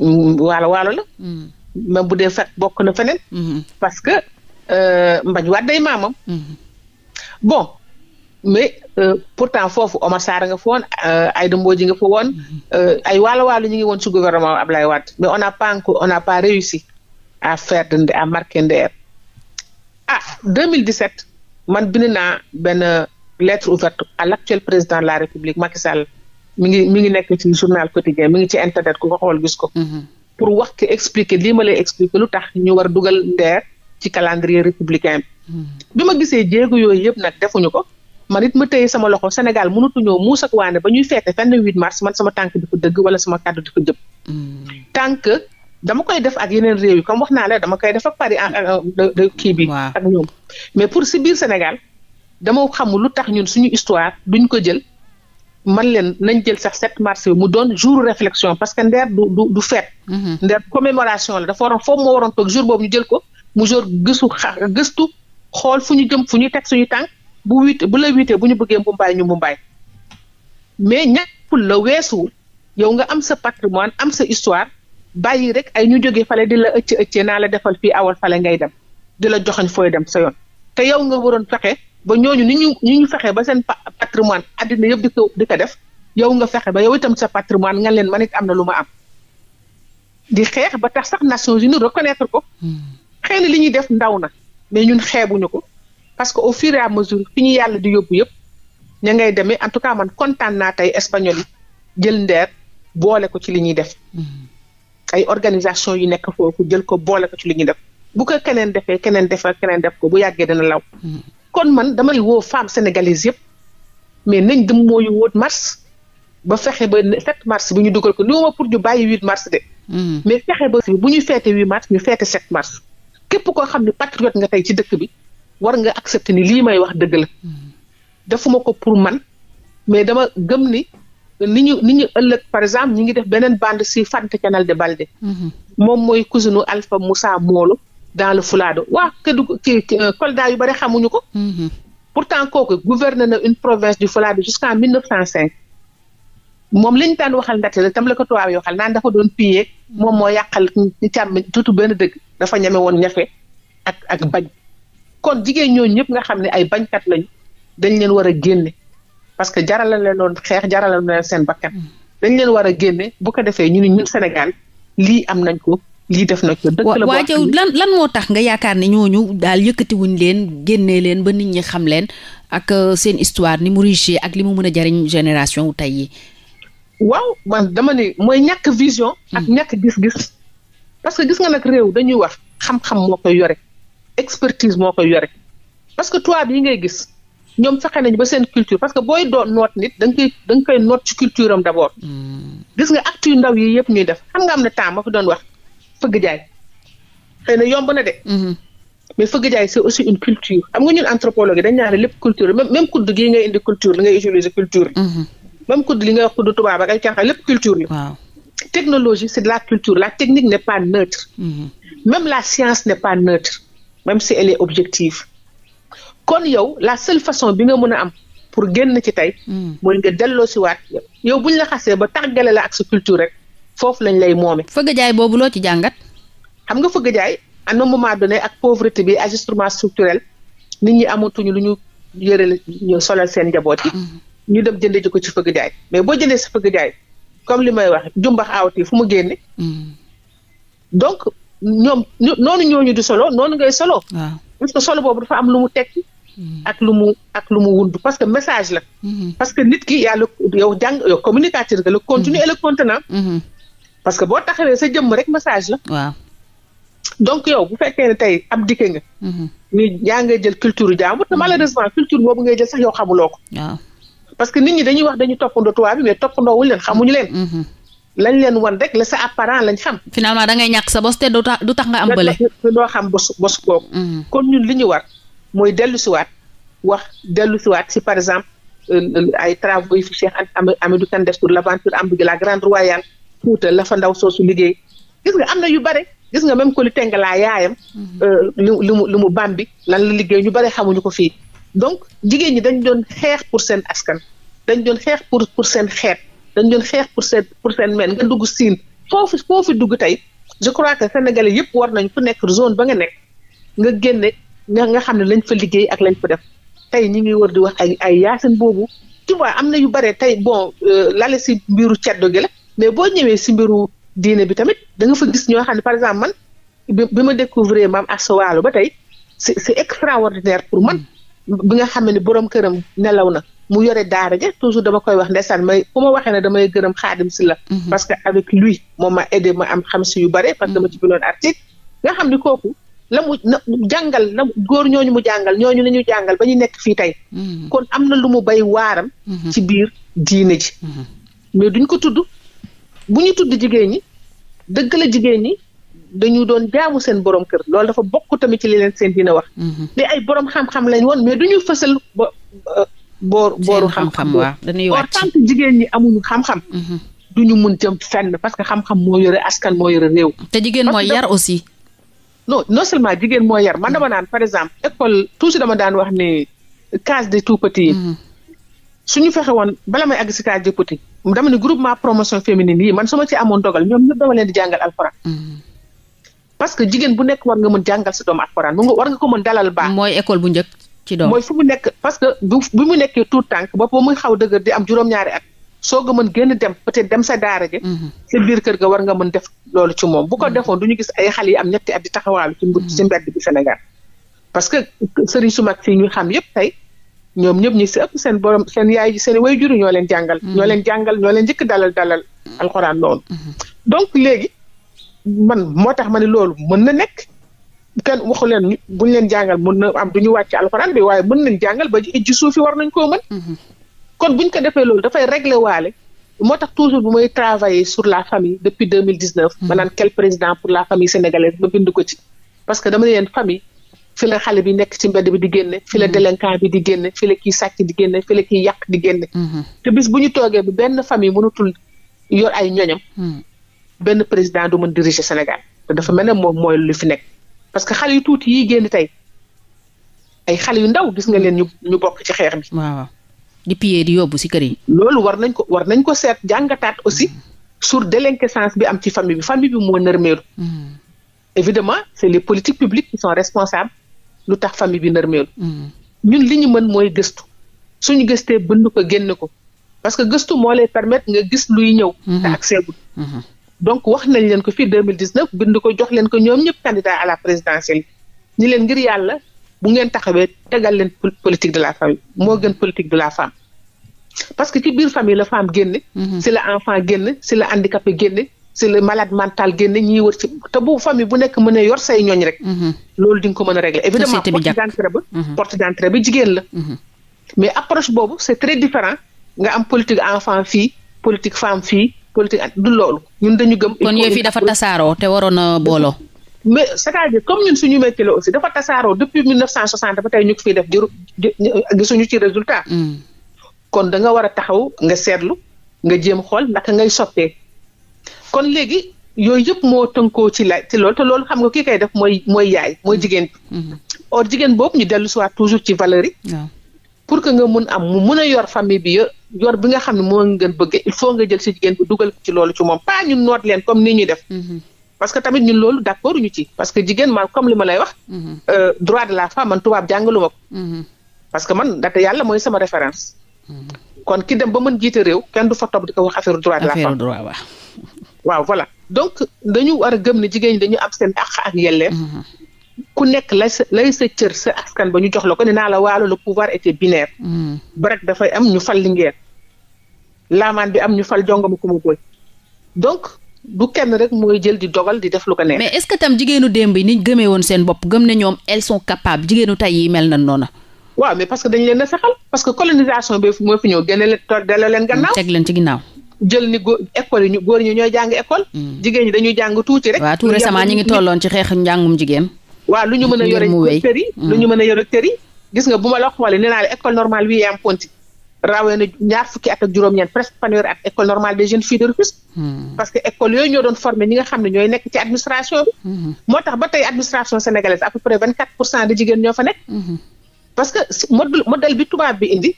mm, waalo waalo la. Mm-hmm. même bu dee fekk bokk na feneen. Mm-hmm. parce que euh, Mbañ Wade day maamam. bon mais euh, pourtant foofu oma Sarr nga fa woon euh, Aïda Mbodj nga fa woon euh, ay waalo waalo ñu ngi woon ci gouvernement Ablaye Wade mais on a pas encore on n'a pas réussi à faire de à marquer Nder ah man bind naa benn lettre ouverte à l'actuel président de la République Macky Sall mi ngi mi ngi nekk ci journal quotidien mi ngi ci internet ku ko xool gis ko. Mm-hmm. pour wax que expliquer lii ma lay expliquer lu tax ñu war dugal Nder ci calendrier républicain bi. Mm-hmm. bi ma gisee jéego yooyu yëpp nag defuñu ko. man it ma téye sama loxo Sénégal mënatuñoo mu ak waane ba ñuy feete fenn 8 mars man sama tànk di dëgg wala sama kàddu di ko jëpp. Mm. tànk dama koy def ak yeneen réew yi comme wax naa la dama koy def ak Paris euh, kii bi. ak ñoom mais pour si biir Sénégal dama xamul lu tax ñun suñu histoire duñ ko jël. man leen nañ jël sax 7 mars bi mu doon jour réflexion parce que ndeer du du du fête. Mm-hmm. ndeer commémoration la dafa waroon foofu moo waroon toog jour boobu ñu jël ko mu jour gëstu gëstu xool fu ñu jëm fu ñu teg suñu tànk bu wiite bu la wiitee bu ñu bëggee mbumbaay ñu mbumbaay mais ñàkkul la weesu yow nga am sa patrimoine am sa histoire bàyyi rek ay ñu jógee fale di la ëcc ëccee naa la defal fii awal fale ngay dem di la joxoñ fooy dem sa yoon te yow nga waroon fexe ba ñooñu ni ñu ni ñu fexe ba seen patrimoine àddina yëpp di ko di ko def yow nga fexe ba yow itam sa patrimoine nga leen man it am na lu ma am di xeex ba tax sax Nations Unies reconnaître ko hmm. xëy na li ñuy def ndaw na mais ñun xeebuñu ko parce que au fur et à mesure fi ñu yàlla di yóbbu yëpp ña ngay demee en tout cas man kontaan naa tey espagnol jël ndeer boole ko ci li ñuy def mm-hmm. ay organisation yu nekk foofu jël ko boole ko ci li ñuy def bu ko keneen defee keneen defee keneen def ko bu yàggee dena law mm-hmm. kon man damay woo femme sénégalaise yëpp mais nañ dem mooyu wóot mars ba fexe ba 7 mars bi ñu dugal ko néew ma pour ñu bàyyi 8 mars de. Mm-hmm. mais fexe ba bu ñu feete 8 mars ñu feete 7 mars. képp koo xam ne patriote nga tey ci dëkk bi war nga accepter ni lii may wax dëgg la defuma ko pour man mais dama gëm ni ni ñu ni ñu ëllëg par exemple ñu ngi def beneen bande si Fanta Canal de Balde mhm. moom mooy cousinu Alpha Moussa Molo dans le Fuladu waa Kédougou ci euh, Kolda yu bari xamuñu ko mhm. pourtant kooku gouverne na une province du Fuladu jusqu'en mille neuf cent cinq moom lañ daan waxal ndattale tam la ko tubaab yi waxal naan dafa doon piyee moom moo yàqal ci càmm tuuti benn dëgg dafa ñame woon ñafe ak ak bañ kon jigéen ñooñu ñëpp nga xam ne ay bañkat lañu dañ leen war a génne parce que jarala leen doon xeex jarala seen bakkan mm. dañ leen war a génne bu ko defee ñu ni ñun Sénégal lii am nañ ko lii def nañ ko dëkk la waa lan lan moo tax nga yaakaar ne ñooñu daal yëkkatiwuñ leen génnee leen ba nit ñi xam leen ak euh, seen histoire ni mu riche ak li mu mën a jariñ génération wu tey yi waaw man dama ne mooy ñàkk vision ak mm. ñàkk gis-gis parce que gis nga nag réew dañuy wax xam-xam moo koy yore expertise moo koy yore parce que tubaab yi ngay gis ñoom fexe nañu ba seen culture parce que booy doo noot nit da nga da nga koy noot ci culture am d' hmm. gis nga actes yu ndaw yi yëpp ñuy def xam nga am na temps fi doon wax fëgg jaay xëy na yomb na de. Hmm. mais fëgg jaay c' est aussi une culture xam nga ñun anthropologue yi dañ naan lépp culture même même kudd gii ngay indi culture li ngay utiliser culture la. Hmm. kudd li ngay wax kudd culture la. waaw technologie de la culture la technique n' est pas neutre. même la science n' est pas même ci elle est objective kon yow la seule façon bi nga mun a am pour génn ci tey hmm. mooy nga delloo si waat yow buñ la xasee ba tàggale la ak sa culture rek foofu lañ lay moome fëgg jaay boobu loo ci jàngat xam nga fëgg jaay à un moment donné ak pauvreté bi ajustement structurel nit ñi amatuñu lu ñu yëre ñu solal seen njaboot yi hmm. ñu dem jënde ji ko ci fëgg jaay mais boo jëndee sa fëgg jaay comme li may wax jumbax aawati fu mu génne hmm. donc ñoom noonu ñooñu di solo noonu ngay solo. waaw parce que solo boobu dafa am lu mu tekki. Hmm. ak lu mu ak lu mu wund parce que message la. Hmm. parce que nit ki yaa la yow jàng yow communicateur nga le contenu hmm. et parce que boo taxawee sa jëmm rek message la. waaw donc yow bu fekkee ne tey abdiqué nga. ni yaa ngay jël culture jàmbur te a culture boobu ngay jël sax yow xamuloo ko. waaw parce que nit ñi dañuy wax dañu toppandoo tubaab bi mais toppandoo wuñ leen xamuñu leen. lañ leen wan rek la sa apparent lañ xam. finalement da ngay ñàkk sa bos te du tax tax nga am bële. doo xam bos bos kooku. Mm-hmm. kon ñun li ñu war mooy dellu si waat wax dellu si waat si par exemple euh, ay travaux yi fi Cheikh Amadou Kane def sur l'aventure ambiguë la grande royale Fouta la fa ndaw soosu liggéey gis nga am na yu bare gis nga même Koli Tengelaa yaayam. lu mm-hmm. euh, lu mu lu mu bambi lan la liggéey ñu bare xamuñu ko fii donc jigéen ñi dañ doon xeex pour seen askan dañ doon xeex pour pour seen xeet. dañ doon xeex pour seen pour seen meen nga dugg siin foofu foofu dugg tey je crois que sénégalais yëpp war nañ ku nekk zone ba nga nekk nga génne nga nga xam ne lañ fa liggéey ak lañ fo def tey ñi ngi war di wax ay ay yaasin boobu tu am na yu bare tey bon euh, lale si mbiru ceddo gi la mais boo ñëwee si mbiru diine bi tamit da nga fa gis ñoo xam ne par exemple man bi ma découvrir maam asowaalu ba tey c'est c'est ordinaire pour man mm. bi nga xam ne boroom këram nelaw na mu yore daara ja toujours dama koy wax ndeysaan may ku ma waxee ne damay gërëm xaadim si la mhm. parce que avec lui moom ma aidé ma am xam si yu bare parce que ma mhm. ci bindoon article nga xam ni kooku la mu na jàngal la góor ñooñu mu jàngal ñooñu la ñu jàngal ba ñu nekk fii tey mhm. kon am na lu mu bay waaram ci biir diine ji mais duñ ko tudd bu ñu tudd jigéen ñi dëgg la jigéen ñi dañu doon jaamu seen borom kër loolu dafa bokk tamit ci li leen seen diine wax ay borom xam-xam woon mais duñu fësal ba boor booru xam-xam waaw dañuy wàcc jigéen ñi amuñu xam-xam mhm. du ñu mun jëm fenn parce que xam moo yore askan moo yore réew te jigéen mooy yar aussi non non seulement jigéen mooy yar ma dama mhm. naan par exemple école toujours dama daan wax ne case des tout petits yi mhm. suñu fexe woon bala may àgg si case des petits dama ne groupement promotion féminine yi man su ma ci amoon dogal ñoom ñëpp dama leen di jàngal alxuraan parce que jigéen bu nekk war nga mën jàngal sa doom alxuraan mu nga war nga ko mën dalal baax mooy école bu njëkk ci doom mooy fu mu nekk parce que bu bu mu nekkee tout tànk ba ba muy xaw dëgër di am juróom-ñaari at soo ko mën génn dem peut-être dem sa daara ja mhm. sa biir kër ga war nga mën def loolu ci moom bu ko mhm. defoon du ñu gis ay xal yi am ñetti at di taxawaalu ci mhm. ci mbedd bi Sénégal parce que sëriñ su mag fii ñu xam yëpp tey ñoom ñëpp ñi si seen borom seen yaay seen way juru ñoo leen jàngal ñoo leen jàngal ñoo leen njëkk dalal dalal alxuraan noonu donc léegi moo tax ma ne loolu mën na nekk kenn waxu leen buñ leen jàngal mën na am du ñu wàcc alxuraan bi waaye mën nañ jàngal ba ci ijji suufi war nañ koo mën mhm. kon buñ ko defee loolu dafay régler waale moo tax toujours bu may travailler sur la famille depuis deux mille dix neuf ma naan quel président pour la famille sénégalaise ba bind ko ci parce que dama ne leen famille fi xale bi nekk ci mbedd bi di génne fi la mhm. délinquant bi di génne fi la kii sàcc di génne fi la kii yàq di génne mhm. te bis bu ñu toogee bi benn famille mënatul yor ay ñoñam benn président du mën diriger Sénégal te mel ne moom mooy lu fi nekk parce que xale yu tuuti yi génn tey ay xale yu ndaw gis nga leen ñu ñu bokk ci xeex bi. waaw di piller di yóbbu si kër yi. loolu war nañ ko war nañ ko seet jàngataat aussi mm. sur délinquance bi am ci famille bi famille bi moo nërmeelu. Mm. évidemment c' est les politiques publiques qui sont responsables lu tax famille bi nërmeelu. Mm. ñun li ñu mën mooy gëstu suñu gëstee bënd ko génn ko parce que gëstu moo lay permettre nga gis luy ñëw. Mm-hmm. te ak seegul. Mm-hmm. donc wax nañ leen ko fii 2019 ko jox leen ko ñoom ñëpp candidat à la présidentielle ñi leen ngir yàlla bu ngeen taxawee tegal leen politique de la famille moo gën politique de la femme parce que ci biir famille la femme génne mhm. si la enfant génn si la handicapé génne si la malade mental génne ñiy wër ci te bu famille bu nekk mën a yor say ñooñ rek mhm. loolu di nga ko mën a régler évidemment mhm. porte d'entrée ba jigéen la mais approche boobu c'est très différent nga fii politique femme fii politique ak du loolu ñun dañu gëm. kon yooyu fii dafa tasaaroo te waroon a booloo. mais cest à comme ñun suñu métier aussi dafa tasaaroo depuis 1960 ba tey ñu ko fiy def jëru gisuñu ci mm. kon da war a taxaw nga seetlu nga jéem xool naka ngay soppee kon léegi yooyu yëpp moo tënkoo ci la ci loolu te loolu xam nga kii kay def mooy mooy yaay mooy mm. jigéen bi. Mm-hmm. or jigéen boobu ñu dellu si waat toujours ci valeur yi. pour que nga mun am mu mun a yor famille bi yëpp yor bi nga xam ne moo ngeen bëgg il faut nga jël si jigéen bi dugal ci loolu ci moom pas ñun noot leen comme ni ñuy def. Mm-hmm. parce que tamit ñun loolu d' accord ñu ci. parce que jigéen man comme li ma lay wax. Mm-hmm. Euh, droit de la femme man tubaab jàngalu ma ko. Mm-hmm. parce que man ndaxte yàlla mooy sama référence. kon ki dem ba mën jiite réew kenn du fa topp di ko wax affaire droit de la femme droit waaw. waaw voilà donc dañu war a gëm ne jigéen ñi dañu am seen àq ak yelleef. ku nekk lay sa lay sa cër askan ba ñu jox la ko ne naa la waalo le pouvoir était binaire. Mm. Brak dafa am ñu fal Linguère. laamaan bi am ñu fal jongama ku ma koy donc du kenn rek mooy jël di dogal di def lu ko neex. mais est que tam jigéenu démb yi niñ gëmee woon seen bopp gëm ne ñoom elles sont jigéenu tay yi mel na noona waaw mais parce que dañ leen a fexal parce que colonisation bi moo fi ñëw génne leen toog leen mm, teg leen ci ginnaaw. jël ni góor école yi ñu góor ñi ñooy jàng école. Mm. jigéen ñi dañuy jàng tuuti rek. waaw tout récemment ngi tolloon ci xeexu njàngum jigéen. waa lu ñu mën a yore kër yi mm. ñu mën a yore kër yi gis nga bu ma la xoolee nee naa la école normale William Ponty rawee na ñaar fukki at ak juróom-ñeent presque fanweeri at école normale des jeunes filles de Rufisque mm. parce que école yooyu ñoo doon formé ñi nga xam ne ñooy nekk ci administration bi mm-hmm. moo tax ba tey administration sénégalaise à peu près vingt quatre pour cent de jigéen ñoo fa nekk mm-hmm. parce que modèle modèle bi tubaab bi indi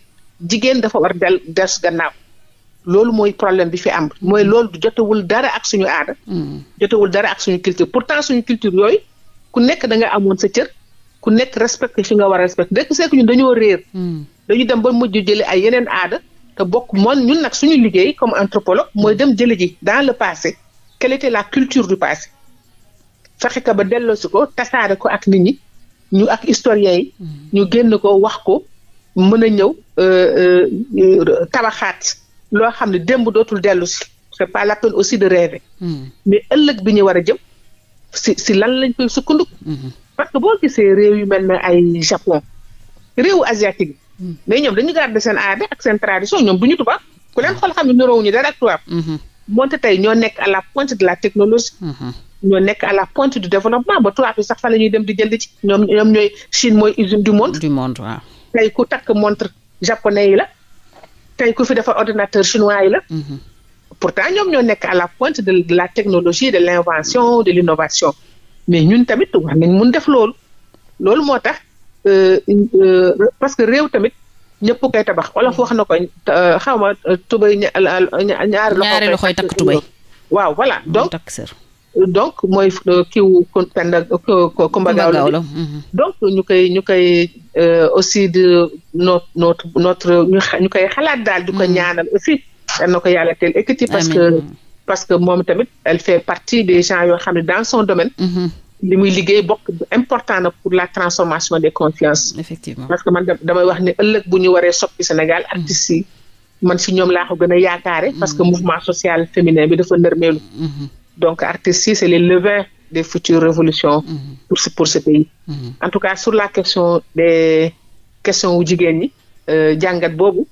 jigéen dafa war del des gannaaw loolu mooy problème bi fi am mooy mm-hmm. loolu jotewul dara ak suñu aada jotewul dara ak suñu culture suñu culture yooyu ku nekk da nga amoon sa cër ku nekk respecté fi nga war a respecté dëkk seeku ñun dañoo réer. Hmm. dañu dem ba mujj jëli ay yeneen aada te bokk moon ñun nag suñu liggéey comme anthropologue mooy dem jëli ji dans le passé quelle la culture du passé fexe ka ba delloosi ko tassaare ko ak nit ñi ñu ak historiens yi. Hmm. ñu génn ko wax ko mën a ñëw euh, euh, euh, tabaxaat loo xam ne démb dootul dellu si c'est pas la peine aussi de rêver. Hmm. mais ëllëg bi ñu war a jëm. si si lan lañ koy sukkandiku. Mhm. parce que boo gisee réew yu mel ne ay Japon réew asiatique yi. Mhm. mais ñoom dañu garder seen aada ak seen tradition ñoom du ñu tubaab ku leen xool xam ne niroowuñu dara ak tubaab. Mhm. moonte tey ñoo nekk à la pointe de la technologie. ñoo nekk à la pointe du développement ba tubaab yi sax fa la ñuy dem di jënd ci ñoom ñoom ñooy Chine mooy usine du monde. du monde ku takk montre japonais yi la. tey ku fi defar ordinateur chinois yi la. pourtant ñoom ñoo nekk à la pointe de la technologie de l'invention de l'innovation mais ñun tamit war nañ mun def loolu loolu moo tax euh, euh, parce que réew tamit ñëpp koy tabax wala euh, xaw ma tubay ñaari ñaari loxo koy takk waaw voilà donc donc mooy kiw Penda mhm. donc ñu koy ñu aussi de notre notre notre ñu daal di ko mhm. aussi yal na ko yàlla teel ekkati parce que parce que moom tamit elle fait partie des gens yoo xam ne dans son domaine mm-hmm. muy liggéey bokk important na pour la transformation des confiances effectivement parce que man damay wax ne ëllëg bu ñu waree soppi Sénégal mm-hmm. artistes man si ñoom laa ko gën a yaakaare mm-hmm. parce que mouvement social féminin bi dafa nërmeelu donc artistes c'est les levains des futures révolutions pour ce pays en tout cas sur la question des questions wu jigéen ñi euh, jàngat boobu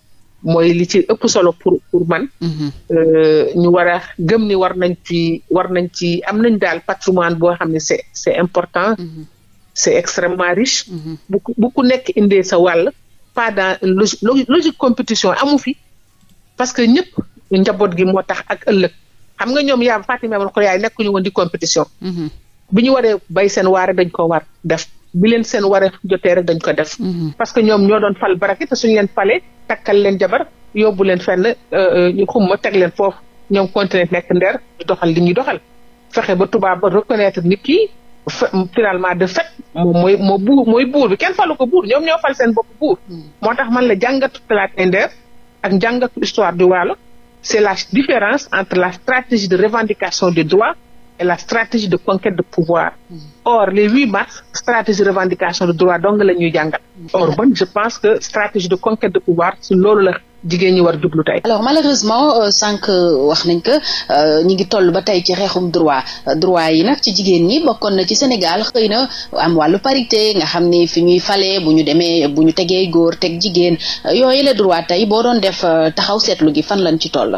mooy li ci ëpp solo pour pour man. Mm-hmm. Euh, ñu war a gëm ni war nañ ci war nañ ci am nañ daal patrimoine boo xam ne c'est c'est important. Mm-hmm. c'est extrêmement riche. Mm-hmm. bu bu ku nekk indee sa wàll. pas dans logique logique compétition amu fi parce que ñëpp njaboot gi moo tax ak ëllëg xam nga ñoom yaam yaa Fatima Abdoul Khouraï nekkuñu woon di compétition. bi ñu waree bay seen waare dañ ko war def. bi leen seen wareef jotee rek dañ ko def. Mhm. parce que ñoom ñoo doon fal baraki te suñu leen falee takkal leen jabar yóbbu leen fenn euh, euh, ñu xumma teg leen foofu ñoom continuer nekk ndeer di doxal li ñuy doxal fexe ba tubaab ba reconnaître nit ki finalement de fait moom mooy moo mooy buur bi ken falu ko buur ñoom ñoo fal seen bopp buur. Mhm. moo tax man la jàngatu Talaatay Nder ak jàngatu histoire du Waalo c'est la différence entre la stratégie de revendication des droits. et la stratégie de conquête de pouvoir. Or, les 8 mars, stratégie de revendication de droit donc la ñuy jàngal. Or, bon, je pense que stratégie de conquête de pouvoir si loolu la jigéen ñi war jublu tey. alors malheureusement euh, sànq euh, wax nañ que euh, ñi ngi toll ba tey ci xeexum droit droit yi nag ci jigéen ñi bokkoon na ci Sénégal xëy na am wàllu parité nga xam ni fi ñuy falee bu ñu demee bu ñu tegee góor teg jigéen yooyu la droit tey boo doon def taxaw seetlu gi fan lañ ci toll.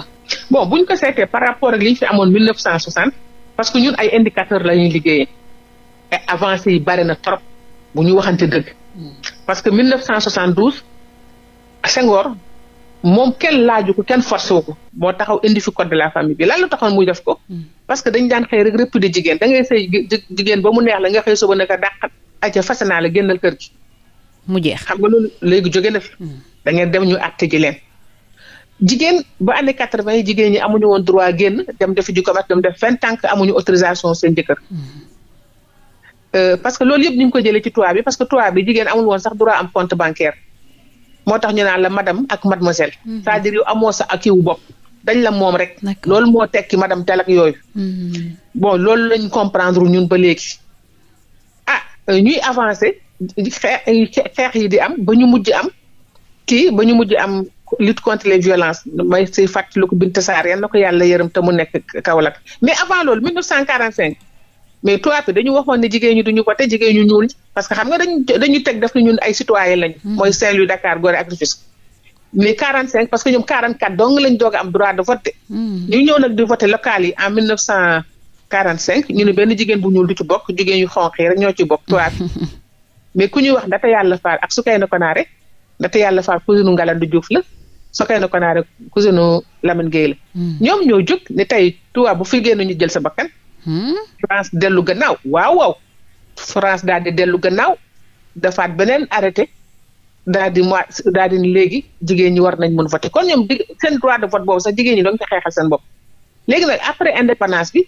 bon bu ñu ko seetee par rapport ak li ñu fi amoon 1960. parce que ñun ay indicateurs la ñu liggéeyee et avancé yi bari na trop bu ñu waxante dëgg. parce que 1972 Senghor moom kenn laaju ko kenn forcé wu ko moo taxaw indi fi code de la famille bi lan la taxaw muy ko. Hmm. parce que dañ daan xëy rek rëpp di jigéen da ngay sëy jigéen ba mu neex la nga xëy suba naka dàqat aja fase naa la génnal kër gi. mu xam nga loolu léegi jóge na fi. Hmm. da dem ñu at ji leen. jigéen ba année quatre vingt yi jigéen ñi amuñu woon droit génn dem defi ji commerce dem def fenn tant amuñu autorisation seen jëkkër. Mm-hmm. Euh, parce que loolu yëpp ñu ngi ko jëlee ci tubaab bi parce que tubaab bi jigéen amul woon sax droit am compte bancaire moo tax ñu naan la madame ak mademoiselle. Mm-hmm. c'est-à-dire yu amoo sa ak wu bopp. dañ la moom rek. loolu moo tekki madame tel ak yooyu. Mm-hmm. bon loolu lañ comprendre ñun ba léegi. ah euh, ñuy avancer xeex euh, xeex yi di am ba ñu mujj am kii ba ñu mujj am. lutte contre les violences may siy fàttaliku Binta Sarr yan na ko yàlla yërëm te nekk Kaolack mais avant loolu 1945 mais tubaab bi dañu waxoon ne jigéen ñi duñu voté ñu ñuul parce que xam nga dañu dañu teg def ni ñun ay lañu. Mm-hmm. mooy que ñoom 44 dong lañ doog a am droit de vote. Mm-hmm. ñu ñëw nag di voté local yi en 1945 ñu ne benn jigéen bu ñuul du ci bokk jigéen yu xonq yi rek ñoo ci bokk tubaab mais ku ñuy wax Ndata Yàlla Faal ak Sukayna Konaare Ndata Yàlla Faal cousine Ngalandou Diouf la Sokeyna Konaté cousinu Lamine Gueye la. Hmm. ñoom ñoo jóg ne tey Touba bu fi génn ñu jël sa bakkan. Hmm? France dellu gannaaw waaw waaw. France daal di dellu gannaaw dafaat beneen arrêté daal di mois daal di léegi jigéen ñi war nañ mën voté kon ñoom di droit de vote boobu sax jigéen ñi doon ci xeexal seen bopp. léegi nag après indépendance bi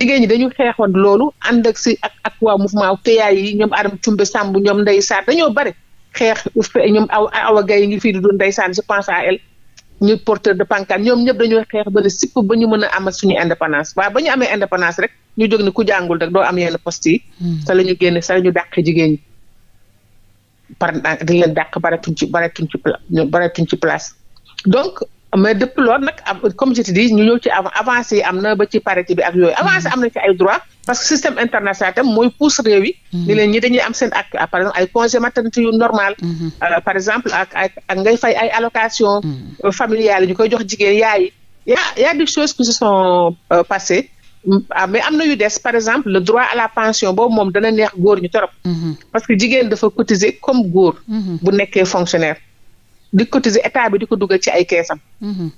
jigéen ñi dañu xeexoon loolu ànd ak si ak ak waa mouvement teyaay yi ñoom Aram Cumbe Samb ñoom Ndeye Sarr dañoo bari xeex oustaz ñoom aw awa gay ngi fii di doon saan je pense à elle ñu porteur de pancarte ñoom ñëpp dañoo xeex ba ne sipp ba ñu mën a amal suñu indépendance waaye ba ñu amee indépendance rek ñu jóg ni ku jàngul rek doo am yenn poste yi. sa hmm. la ñu génne sa la ñu dàq jigéen ñi. par dañ leen dàq baratuñ ci baratuñ ci baratuñ ci place donc mais depuis loolu nag comme je te dis ñu ñëw ci avancé am na ba ci parité bi ak yooyu. avancé hmm. am na ci ay droits parce que système international tam mooy pousse réew yi. Mm-hmm. ni leen ñi dañuy am seen ak ah, par exemple ay congé maternité yu normal. Mm-hmm. Euh, par exemple ak ak ngay fay ay allocation mm-hmm. euh, familiale ñu koy jox jigéen yaay yi. y a des choses qui se sont euh, mm, ah, mais am na yu des par exemple le droit à la pension boobu moom dana neex góor ñu torop. parce que jigéen dafa cotiser comme góor. bu nekkee fonctionnaire. di cotiser état bi di ko dugal ci ay keesam.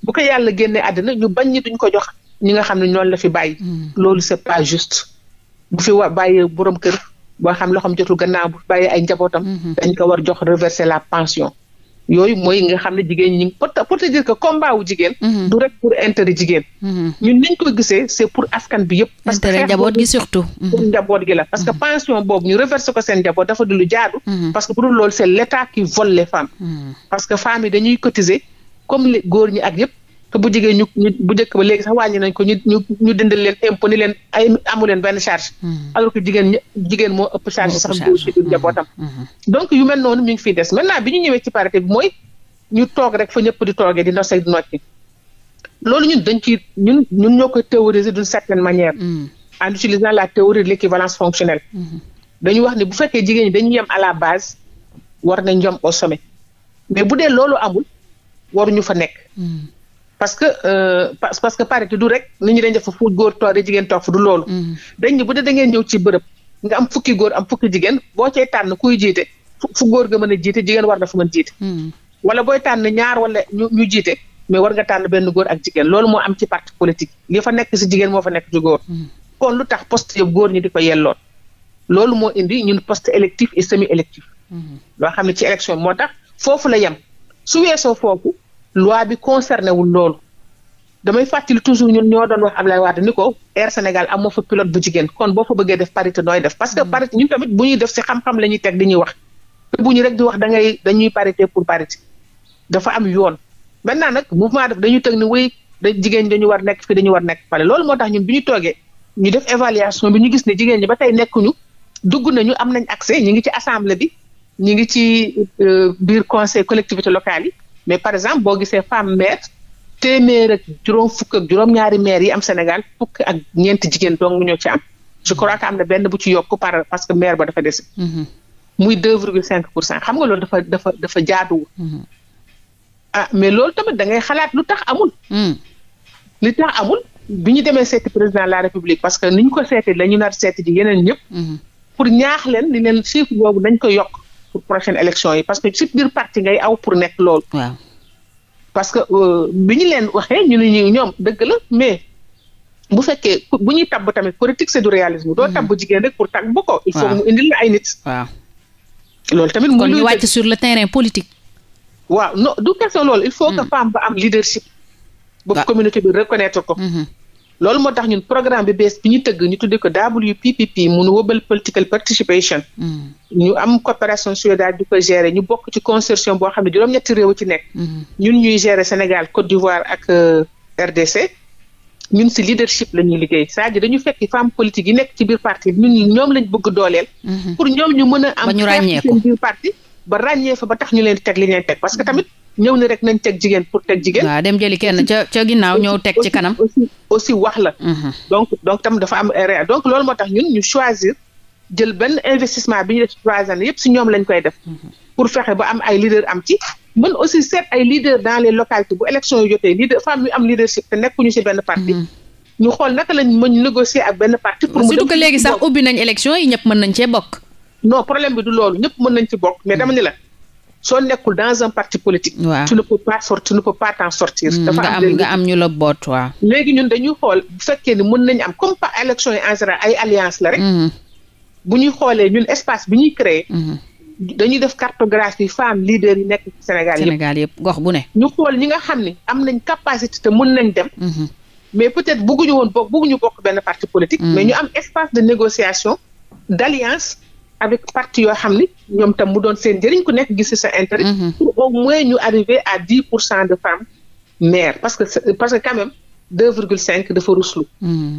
bu ko yàlla génnee àddina ñu bañ ñi duñ ko jox ñi nga xam ne ñoonu la fi bàyyi. loolu c'est pas juste. bu fi wa bàyyi borom kër boo xam loo xam jotul gannaaw bu fi bàyyi ay njabootam. Mm-hmm. dañ ko war jox reverser la pension. yooyu mooy nga xam ne jigéen ñi pour pour te dire que combat wu jigéen. Mm-hmm. du rek pour intérêt jigéen. Mm-hmm. ñun niñ ko gisee c'est pour askan bi yëpp. parce que intérêt njaboot gi surtout. pour gi la parce que pension boobu ñu reversé ko seen njaboot dafa di lu jaadu. parce que bu dul loolu c'est l'État vole les parce que femmes yi dañuy cotiser comme góor ñi ak yëpp. te bu jigéen ñu ñu bu njëkk ba léegi nañ ko ñu ñu ñu dindal leen impôt ni leen ay benn charge. Mm-hmm. alors que jigéen jigéen moo ëpp charge sax bu ci biir njabootam. Mm-hmm. Mm-hmm. donc yu mel noonu mi ngi fiy des maintenant bi ñu ñëwee ci parité bi mooy ñu toog rek fa ñëpp di toogee di noccee di nocci loolu ñun dañ ciy ñun ñun ñoo koy théoriser d'une certaine manière. en utilisant la théorie de l'équivalence fonctionnelle. dañu wax ne bu fekkee jigéen ñi dañu yem à la base war nañ yem au sommet mais bu dee loolu amul waruñu fa nekk. parce que euh, parce que parité du rek ni ñu dañ def fu góor toog rek jigéen toog fu du loolu. Mm-hmm. dañ ne bu dee da ngeen ñëw ci bërëb nga am fukki góor am fukki jigéen boo cay tànn kuy jiite fu góor nga mën a jiite jigéen war na fu mën jiite. Mm-hmm. wala booy tànn ñaar wala ñu jiite mais war nga tànn benn góor ak jigéen loolu moo am ci parti politique li fa nekk si jigéen moo fa nekk ci góor. Mm-hmm. kon lu tax poste yëpp góor ñi di ko yelloon loolu moo indi ñun poste électif et semi électif. loo xam ne ci moo tax foofu la yem loi bi concerné wul loolu damay fàttali toujours ñun ñoo doon wax Ablaye Wade ni ko Air Sénégal amoo fa pilote bu jigéen kon boo fa bëggee def parité nooy def parce que mm. parité ñun tamit bu ñuy def ci xam la ñuy teg di ñuy wax te ñu rek di wax da ngay dañuy parité pour parité dafa am yoon maintenant nag mouvement def dañu teg ni wéy dañu war nekk fii dañu war nekk fale loolu moo tax ñun bi ñu toogee ñu def évaluation bi ñu gis ne jigéen ñi ba tey nekkuñu dugg nañu am nañ accès ñu ngi ci assemblée bi ñu ngi ci euh, biir conseil collectivité locale yi mais par exemple boo gisee femme maire téeméer ak juróom fukk ak juróom-ñaari maire yi am Sénégal fukk ak ñeenti jigéen dong ñoo ci am je crois que am na benn bu ci yokk par parce que maire ba dafa des. Mm-hmm. muy deux virgule cinq pour cent xam nga loolu dafa dafa dafa jaaduwul. Mm-hmm. Ah, mais loolu tamit da ngay xalaat lu tax amul. Mm. li tax amul bi ñu demee seeti président de la république parce que ni ñu ko seeti la ñu nar seeti ji yeneen ñëpp. Mm-hmm. pour ñaax leen ni leen chiffre boobu nañ koy yokk. pour prochaine élection yi parce que ci biir parti ngay aw pour nekk lool. parce que euh, bi ñu leen waxee ñu ne ñu ñoom dëgg la mais bu fekkee bu ñuy tabb tamit politique c'est du réalisme. doo mm-hmm. tabb jigéen rek pour tabb ko. il faut mu indil la ay nit. waaw loolu tamit. mu kon ñu wàcc sur le terrain politique. waaw no du question loolu. il faut que mm. femme ba am leadership. ba communauté bi reconnaître ko. Mm-hmm. loolu moo tax ñun programme bi bees bi ñu tëgg ñu tuddee ko WPPP mu nu wëbal political participation. Mm. ñu am coopération suédoise di ko gérer ñu bokk ci consortium boo xam ne juróom-ñetti réew ci nekk. Mm-hmm. ñun ñuy gérer Sénégal Côte d'Ivoire ak euh, RDC. ñun si leadership la ñuy liggéey cest à dañu fekk femme politique yi nekk ci biir parti ñun ñoom lañ bëgg dooleel. Mm-hmm. pour ñoom ñu mën a am. ba ñu ràññeeku biir parti ba ràññee fa ba tax ñu leen teg li ñu leen parce que mm-hmm. tamit. ñëw ni rek nañ teg jigéen pour teg jigéen. waaw dem jëli kenn ca ca ginnaaw ñëw teg ci kanam. aussi wax la. Mhm. donc donc tam dafa am réa donc loolu moo tax ñun ñu choisir jël benn investissement bi ñu def ci trois années yëpp si ñoom lañ koy def. Mhm. pour fexe ba am ay leader am ci. mën aussi seet ay leader dans les localités bu élection yu jotee leader femme yu am leadership te nekkuñu si benn parti. Mhm. ñu xool naka lañ mën négocier ak benn parti. pour mu surtout que léegi sax ubbi nañ élection yi ñëpp mën nañ cee bokk. non problème bi du loolu mën nañ ci bokk mais dama la. soo nekkul dans un parti politique. waaw tu ne peux pas sortir sortir. Mm, am léegi nga am ñu la boot léegi ñun dañuy xool fekkee ni mën nañu am comme pas élection yi en ay alliance la rek. Mm-hmm. bu ñuy xoolee ñun espace bi ñuy créer. Mm-hmm. dañuy def cartographie femme leader yi nekk Sénégal yëpp yëpp gox bu ne. ñu xool ñi nga xam ni am nañ capacité te mën nañ dem. Mm-hmm. mais peut-être bëgguñu woon bokk bëgguñu bokk benn parti politique. mais ñu am espace de négociation d'alliance. avec parti yoo xam ni ñoom tam mu doon seen njëriñ ko nekk gis sa intérêt. Mhm. pour au ñu arriver à dix pour cent de femmes maires parce que parce que quand même deux virgule cinq dafa ruslu. Mhm.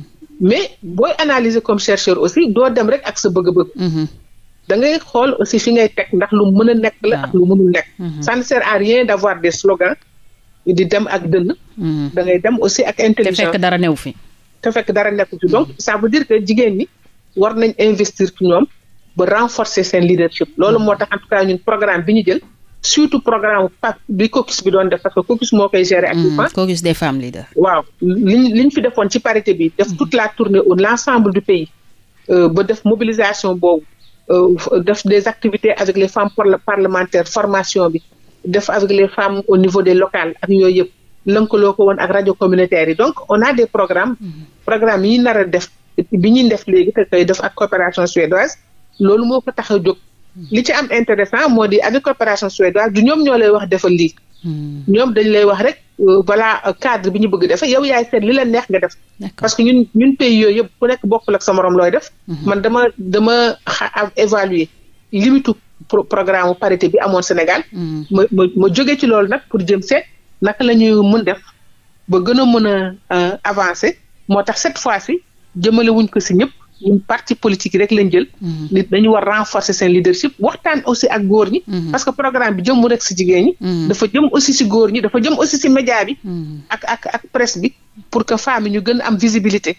mais booy analyser comme chercheur aussi doo dem rek ak sa bëgg-bëgg. Mhm. da ngay xool aussi fi ngay teg ndax lu mën a nekk la ak lu mënul nekk. ça ne sert à rien d' avoir des slogans di dem ak dënn. da ngay dem aussi ak intelligence. dara newu fi. te fekk dara nekku fi donc ça jigéen ñi war nañ investir ñoom. ba renforcer seen leadership loolu hmm. moo tax en tout cas ñun programme bi ñu jël surtout programme PAP bi caucus bi doon def parce que caucus moo koy gérer hmm, actuellement caucus des femmes leaders waaw liñ liñ fi defoon ci parité bi def hmm. toute la tournée au l'ensemble du pays euh, ba def mobilisation boobu euh, def des activités avec les femmes parlementaires formation bi def avec les femmes au niveau des locales ak yooyu yëpp lënkaloo ko woon ak rajo communautaire yi donc on a des programmes programmes yi nar def bi ñuy def léegi te def ak coopération suédoise loolu moo ko tax a jóg li ci am intéressant moo di avec coopération suédoise du ñoom ñoo lay wax defal lii hmm. ñoom dañ lay wax rek balaa euh, cadre bi ñu bëgg def yow yaay seet li leen neex nga def parce que ñun ñun pays yooyu yëpp ku nekk bokkul ak sa morom looy def hmm. man dama dama a évaluer limitu programme parité bi amoon Sénégal hmm. ma ma ma ci loolu nag pour jëm seet naka lañuy ñuy mën def ba gën a mën a euh, avancer moo tax cette fois yi jëmale wuñ ko si ñëpp ñun parti politique rek lañ jël. Mhm. nit dañu war renforcer seen leadership waxtaan aussi ak góor ñi. Mhm. parce que programme bi jëmmu rek si jigée ñi. Mhm. dafa jëm aussi si góor ñi dafa jëm aussi si média bi. ak ak ak bi pour que femmes yi ñu gën am visibilité.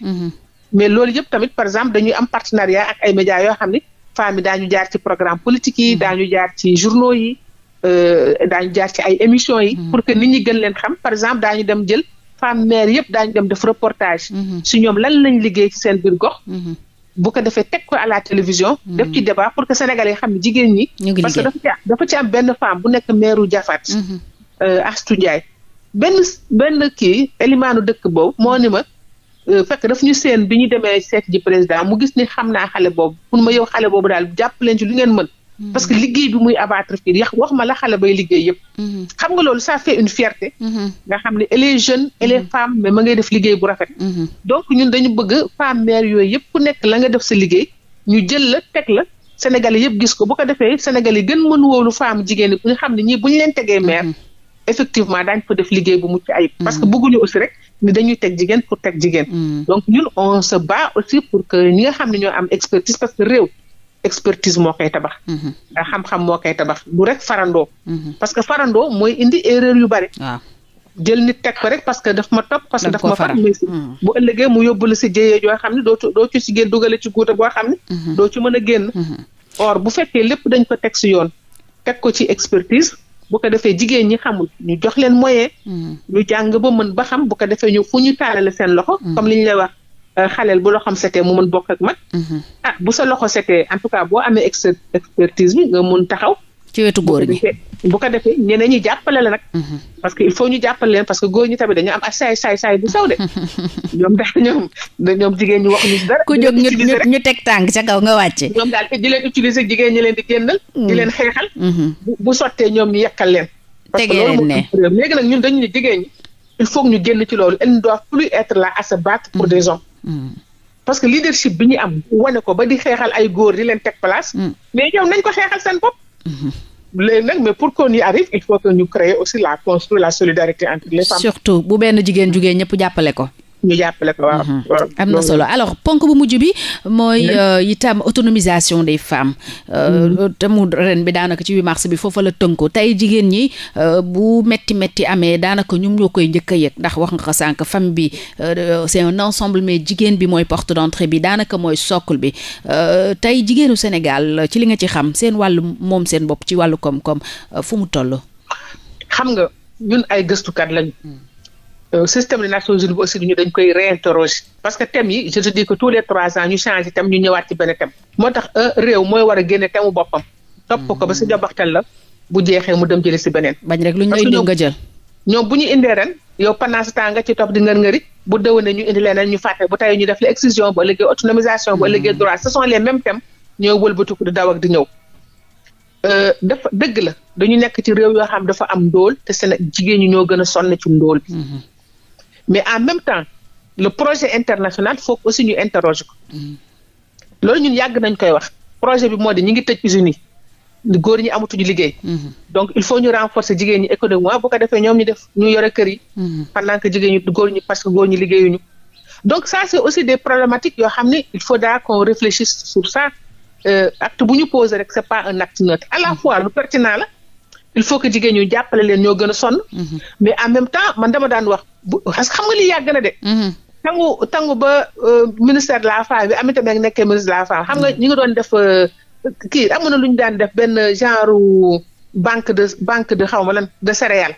mais loolu yëpp tamit par exemple dañuy am partenariat ak ay médias yoo xam ne femmes yi daañu jaar ci programme politique yi. daañu jaar ci journaux yi euh, daañu jaar ci ay émissions yi. pour que nit ñi gën leen xam par exemple daañu dem jël femmes maires yëpp daañu dem def reportage. si ñoom lan lañu liggéey ci seen biir bu ko defee teg ko à la télévision. Hmm. def ci débat pour que sénégalais xam ne jigéen ñi. parce que dafa ci am dafa ci am benn femme bu nekk meeru Jafat. Hmm. Euh, Astou Ndiaye benn benn kii élimaanu dëkk boobu moo ni ma. Euh, fekk daf ñu seen bi ñu demee seet ji président mu gis ni xam naa xale boobu pour ma yow xale boobu daal jàpp leen ci lu ngeen mën. Mm-hmm. parce que liggéey bi muy abattre fii yax wax ma la xale bay liggéey yëpp. Mm-hmm. xam nga loolu ça fait une fierté. Mm-hmm. nga xam ne et les jeunes et les femmes ngay def liggéey bu rafet. donc ñun dañu bëgg femmes mères yooyu yëpp ku nekk la nga def sa liggéey ñu jël la teg la Sénégalais yëpp gis ko bu ko defee Sénégalais yi gën mën wóolu femme jigéen ñi nga xam ne ñii bu ñu leen tegee mère. effectivement daañu fa def liggéey bu mucc ayib. parce que bëgguñu aussi rek ni dañuy teg jigéen pour teg jigéen. donc ñun on se bat aussi pour ñi nga xam ne ñoo am expertise parce que réew. expertise moo koy tabax. Mhm. xam-xam moo koy tabax bu rek farandoo. Mhm. parce que farandoo mooy indi erreur yu bari. waaw jël nit teg rek parce que daf ma topp. parce que daf ma faral mhm. bu mu yóbbu la si jëyee xam ne doo doo ci si génn ci guuta boo xam doo ci mën a génn. or bu fekkee lépp dañ ko teg si yoon. teg ko ci expertise. bu ko defee jigéen ñi xamul ñu jox leen moyen. ñu jàng ba mën ba xam bu ko defee ñu fu ñu taalale seen loxo. comme li lay wax Euh, xaleel bu loxoom setee mu mën bokk ak mag. Mhm. ah bu sa loxo setee en tout cas boo amee expertise bi nga mun taxaw. ci wetu góor ñi bu ko defee ñeneen ñi jàppale la nag. Mhm. parce que il faut ñu jàppale leen parce que góor ñi tamit dañu am ak saay saay saay bu wax ñu si dara. ku jóg ñu ñu teg tànk ca kaw nga wàcce. ñoom daal leen utiliser jigéen ñi leen di génnal. di leen mm. mhm. ñoom ñu yekkal leen. tegee leen ne parce que ñun dañu ne jigéen ñi. il faut ñu génn ci loolu elles ne doivent plus être là à se pour mm. des parce que leadership bi ñu am wane ko ba di xeexal ay góor di leen teg place. Mm. mais ñoom nañ ko xeexal seen bopp. Mm-hmm. léegi nag mais pour qu'on y arrive il faut que ñu créer aussi la construire la solidarité entre les femmes. surtout bu benn jigéen jugee ñëpp jàppale ko. ñu jàppale ko mhm. am na solo alors ponk bu mujj bi mooy euh, itam autonomisation des femmes. Mhm. Euh, te mu ren bi daanaka ci 8 mars bi foofu la tënko tey jigéen ñi euh, bu metti metti amee daanaka ñum ñoo koy njëkk a yëg ndax wax nga ko sànq femme bi c'est un ensemble mais jigéen bi mooy porte d'entrée bi daanaka mooy socle bi tey jigéenu Sénégal ci li nga ci xam seen wàllu moom seen bopp ci wàllu koom-koom fu mu toll. xam nga ñun ay gëstukat lañu. Hmm. Euh, système des Nations Unies bi aussi ñu dañ koy réinterroger parce que thème yi je te dis que tous les trois ans ñu changé thème ñu ñëwaat ci benn thème moo tax euh, réew mooy war a génne thème boppam. topp ko ba si mm-hmm. jobaxtal la bu jeexee mu dem jëli si beneen. bañ rek lu ñu lay nga ñoom bu ñu indee ren yow pendant ce temps ci topp di ngër ngëri bu déwénee ñu indi leneen ñu fàtte bu tey ñu def la excision ba léegi autonomisation ba léegi mm-hmm. droit ce sont les mêmes di daw ak di ñëw. Euh, la dañu nekk ci réew yoo xam dafa am ndóol te seen jigéen ñi ñoo gën a sonn ci ndóol bi mm-hmm. mais en même temps le projet international foog aussi ñu interroge ko mm-hmm. loolu ñun yàgg nañ koy wax projet bi moo di ñu ngi tëj usines ni góor ñi amatuñu liggéey mm-hmm. donc il faut ñu renforcer jigéen ñi économiquement bu ko defee ñoom ñu def ñu yore kër yi mm-hmm. pendant que jigéen ñi góor ñi parce que góor ñi liggéeyuñu donc ça c'est aussi des problématiques yoo xam ni il faudra qu'on réfléchisse sur ça euh, acte bu ñu posé rek c'est pas un acte neutre à la fois lu pertinent la il faut que jigéen ñu jàppale leen ñoo gën a sonn. Mhm. mais en même temps man dama daan wax bu parce que xam nga lii yàgg na de. Mhm. tangu tangu ba euh, ministère de la femme bi Aminata Mbengue nekkee ministre de la femme xam nga mhm. ñu ngi doon def euh, kii amoon na lu ñu daan def benn genre banque de banque de xaw ma lan de céréales.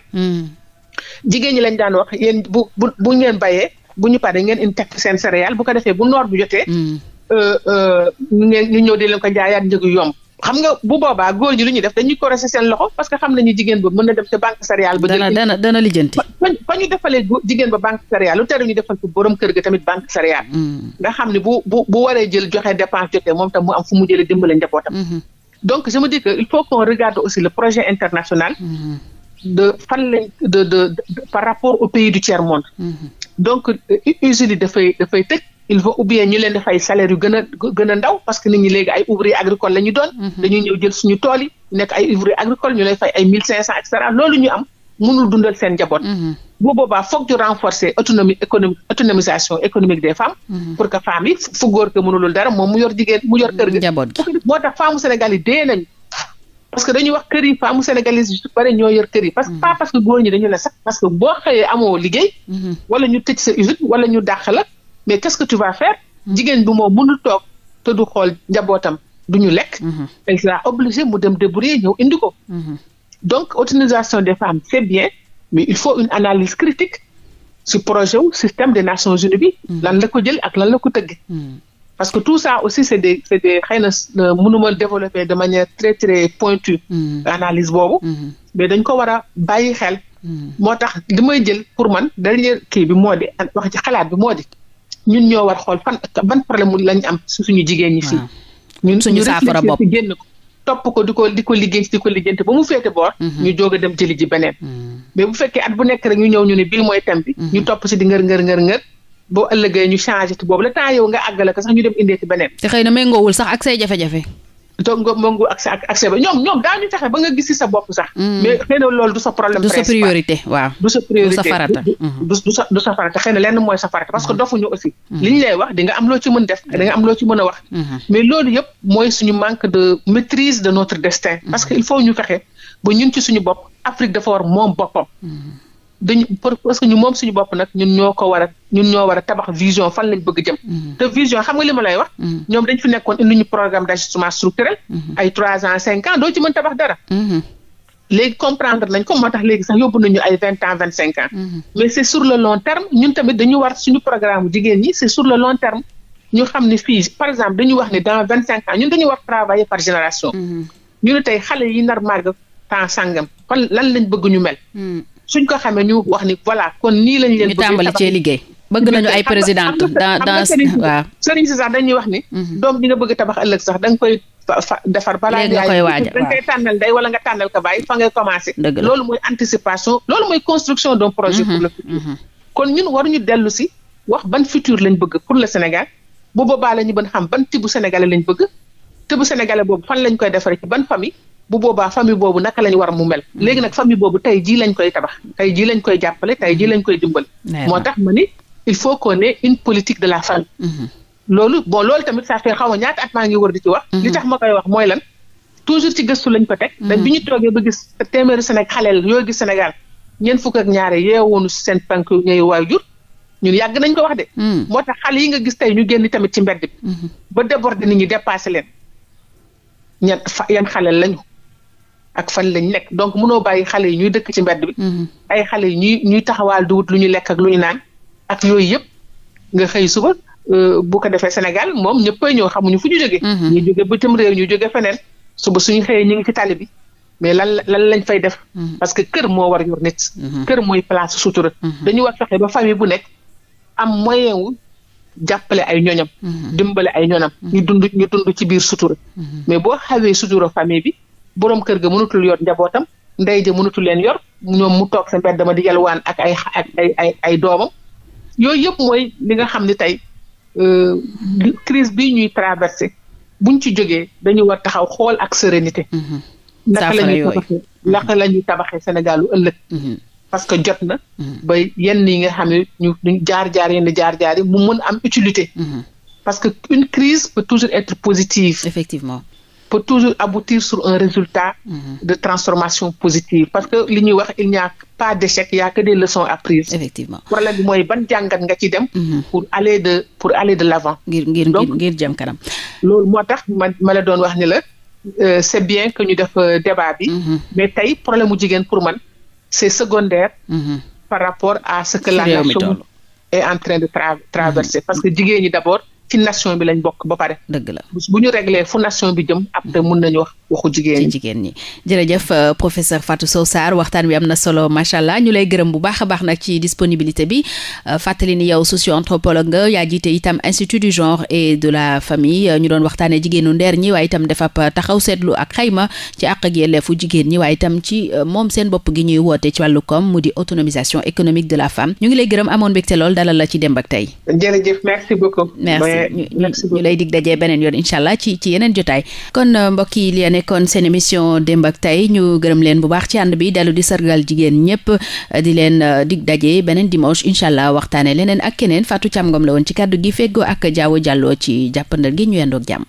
jigéen ñi lañ daan wax yéen bu bu bu ngeen bayee bu ñu paree ngeen indi teg seen céréale bu ko defee bu noor bu jotee. ñu euh, ngeen ñu ñëw di leen ko jaayaat njëgu yomb. xam nga bu boobaa góor ñi lu ñuy def dañuy corrosé seen loxo parce que xam nañu jigéen ba mën na dem te banque céréale ba dana dana dana lijjanti ba ñu defalee jigéen ba banque céréale lu tere ñu ko borom kër ga tamit banque céréale mm. nga xam ne bu bu bu waree jël joxe dépense jotee moom tam mu am fu mu jëlee dimbale njabootam mm-hmm. donc je me dis que il faut qu'on regarde aussi le projet international mm-hmm. de fan de de par rapport aux pays du tiers monde mm-hmm. donc usines yi dafay dafay il faut ou ñu leen di fay salaire yu gën a gën ndaw parce que nit ñi léegi ay ouvrier agricole la doon. Mhm. dañuy ñëw jël suñu tool yi nekk ay ouvrier agricole ñu lay fay ay mille cinq cent et cetera loolu ñu am mënul mhm. boobaa foog ñu renforcer autonomie économique autonomisation économique des mhm. pour que femmes yi fu góor ke mënulul dara moom mu yor jigéen mu moo tax femmes Sénégal yi dee nañu. parce que dañuy wax kër yi femmes sénégalais yi su bare ñoo yor kër yi. parce que pas parce que góor ñi dañu ne sax parce que boo xëyee amoo liggéey. wala ñu tëj sa wala ñu dàq la mais qu'est-ce que tu vas faire jigéen bi moom nu toog te du xool njabootam du ñu lekk mhm. elle sera obligée mu dem débrouiller ñëw indi ko mhm. donc autonomisation des femmes c'est bien mais il faut une analyse critique si projet wu système des Nations Unies bi mhm. lan la ko jël ak lan la ko tëgg parce que tout ça aussi c'est de c'est des xëy na euh, mënuma développer de manière très très pointue analyse boobu mais dañ ko war a bàyyi xel moo tax li may jël pour man dernier kii bi moo di wax ci xalaat bi moo di ñun ñoo war xool fan ban problème mu lañ am su suñu jigéen ñi fii ah. ñun suñu saafara bopp génn ko topp ko di ko di ko liggéey di ko liggéeyante ba mu féete boor mm-hmm. ñu jóg a dem jëli ji beneen mm. mais bu fekkee at bu nekk rek ñu ñëw ñu ne bii mooy thème mm-hmm. ñu topp si di ngër ngër ngër ngër boo ëllëgee ñu changé te boobu la temps yow nga àggale ko sax ñu dem indee ci beneen te xëy na méngoowul sax ak say jafe-jafe donc nga mëngu accès ak accès ba ñoom ñoom daañu fexe ba nga sa bopp sax. Mm. mais xëy na loolu du sa problème. principal du sa priorité du sa priorité du sa farata. Mm-hmm. du sa du sa farata xëy na lenn mooy sa farata parce que mm. dofuñu aussi. Mm-hmm. li ñu lay wax di nga am loo ci mën def di nga am loo ci mën a wax. Mm-hmm. mais loolu yëpp mooy suñu manque de maîtrise de notre destin. parce que il faut ñu fexe ba ñun ci suñu bopp Afrique dafa war moom boppam. dañu parce que ñu moom suñu bopp nag ñun ñoo ko war a ñoo war a tabax vision fan lañ bëgg jëm. Mm-hmm. te vision xam nga li ma lay wax. Mm-hmm. ñoom dañ fi nekkoon indi ñu programme d'ajustement structurel. Mm-hmm. ay trois ans cinq ans doo ci mën tabax dara. léegi comprendre nañ ko moo tax léegi sax yóbbu nañu ay vingt ans vingt cinq ans. mais c'est sur le long terme ñun tamit dañu war suñu programme jigéen ñi c'est sur le long terme. ñu xam ni fii par exemple dañu wax ni dans vingt cinq ans ñun dañu war travailler par génération. tey xale yi nar màgg temps sàngam kon lan lañ bëgg ñu mel. suñ ko xamee ñu wax ni voilà kon nii lañu leen. bëgg tàmbali cee liggéey. bëgg nañu ay présidente dans dans waaw. sëriñ si sax dañuy wax ni. Mhm. doom bi nga bëgg tabax ëllëg sax da nga koy defar. balaa nga koy waaj da day wala nga tànnal ko bàyyi fa ngay commencé. loolu mooy anticipation loolu mooy construction d'un projet. pour mhm, le futur mhm. kon ñun waruñu dellu si wax ban futur lañ bëgg pour le Sénégal bu boobaa la ñu bën xam ban tibu sénégalais lañ bëgg tibu sénégalais boobu fan lañ koy defaree ci ban fami bu boobaa famille boobu naka lañ war mu mel mm. léegi nag famille boobu tey jii lañ koy tabax tey ji lañ koy jàppale tey jii lañ koy dimbali moo tax ma ni il faut qu'on ait une politique de la famille mm-hmm. loolu bon loolu tamit ça xaw ma ñaata at maa ngi wër di ci wax mm-hmm. li tax ma koy wax mooy lan toujours ci gëstu lañ ko teg dañ mm-hmm. bi ñu toogee ba gis téeméeri Sénégal xaleel yooyu gis Sénégal ñeent fukk ak ñaare yeewoonu seen penk ñooy waajur ñun yàgg nañ ko wax de mm. moo tax xale yi nga gis tey ñu génn tamit ci mbedd bi ba déborder nit ñi dépassé leen ñan fa yan xaleel lañu ak fan lañ nekk donc munoo bàyyi xale yi ñuy dëkk ci mbedd bi. Mm-hmm. ay xale yi ñuy ñuy taxawaal di lu ñu lekk ak lu ñu naan ak yooyu yëpp nga xëy suba euh, bu ko defee Sénégal moom ñëppay ñëw xamuñu fu ñu jógee. Mm-hmm. ñu jóge bitim réew ñu jóge feneen suba suñu xëyee ñu ngi ci tali bi mais lan lan lañ fay def. Mm-hmm. parce que kër moo war yor nit. kër mooy place sutura. dañu wax fexe ba famille bu nekk am moyen wu jàppale ay ñoñam. dimbale ay ñoñam. ñu dund ñu dund ci biir sutura. mais boo xawee sutura famille bi. borom kër ga mënatul yor njabootam ndey ja mënatul leen yor ñoom mu toog sa dama di waan ak ay ak ay ay ay doomam yooyu yëpp mooy li nga xam ne tey euh, crise bi ñuy traversé buñ ci jógee dañu war taxaw xool ak sérénité. Mhm. naka la ñuy tabaxee naka tabaxee Sénégal ëllëg. Mhm. parce que jot na. Mhm. ba yenn yi nga xam ne ñu jaar jaar yenn jaar jaar yi mu mën am utilité. parce que une crise peut toujours être positive. effectivement pour toujours aboutir sur un résultat mhm. de transformation positive parce que li ñuy wax il n'y a pas d'échec il y a que des leçons apprises effectivement problème bi mooy ban jàngat nga ci dem mhm. pour aller de pour aller de l'avant ngir ngir ngir jëm kanam loolu moo tax ma ma la doon wax ni la euh, c'est bien que ñu def euh, débat bi mhm. mais tey problème mu jigéen pour man c'est secondaire par rapport à ce que la nation est en train de traverser parce que jigéen ñi d'abord ci nation bi lañ bokk ba pare. dëgg la bu ñu réglé fu nation bi jëm après mun nañu wax waxu jigéen ci jigéen ñi jërëjëf euh, professeur Fatou Sow Sarr waxtaan wi am na solo macha allah ñu lay gërëm bu baax a baax nag ci disponibilité bi euh, fàttali ni yow socio anthropologue nga yaa jiite itam institut du genre et de la famille euh, ñu doon waxtaanee jigéenu ndeer ñi waaye itam defab taxaw seetlu ak xayma ci àq ak yelleefu jigéen ñi waaye itam ci moom seen bopp gi ñuy woote ci wàllu koom mu di autonomisation économique de la femme ñu ngi lay gërëm amoon mbégte lool dalal la ci Demb ak Tay. jërëjëf merci beaucoup. merci ñu lay beneen yoon incha allah ci ci yeneen jotaay nekkoon seen émission démb ak tay ñu gërëm leen bu baax ci ànd bi dellu di sargal jigéen ñëpp di leen uh, dig daje beneen dimanche incha allah waxtaane leneen ak keneen Fatou Thiam Ngom la woon ci kàddu gi fegoo ak Diawo jàlloo ci jàppandal gi ñu yendoog jàmm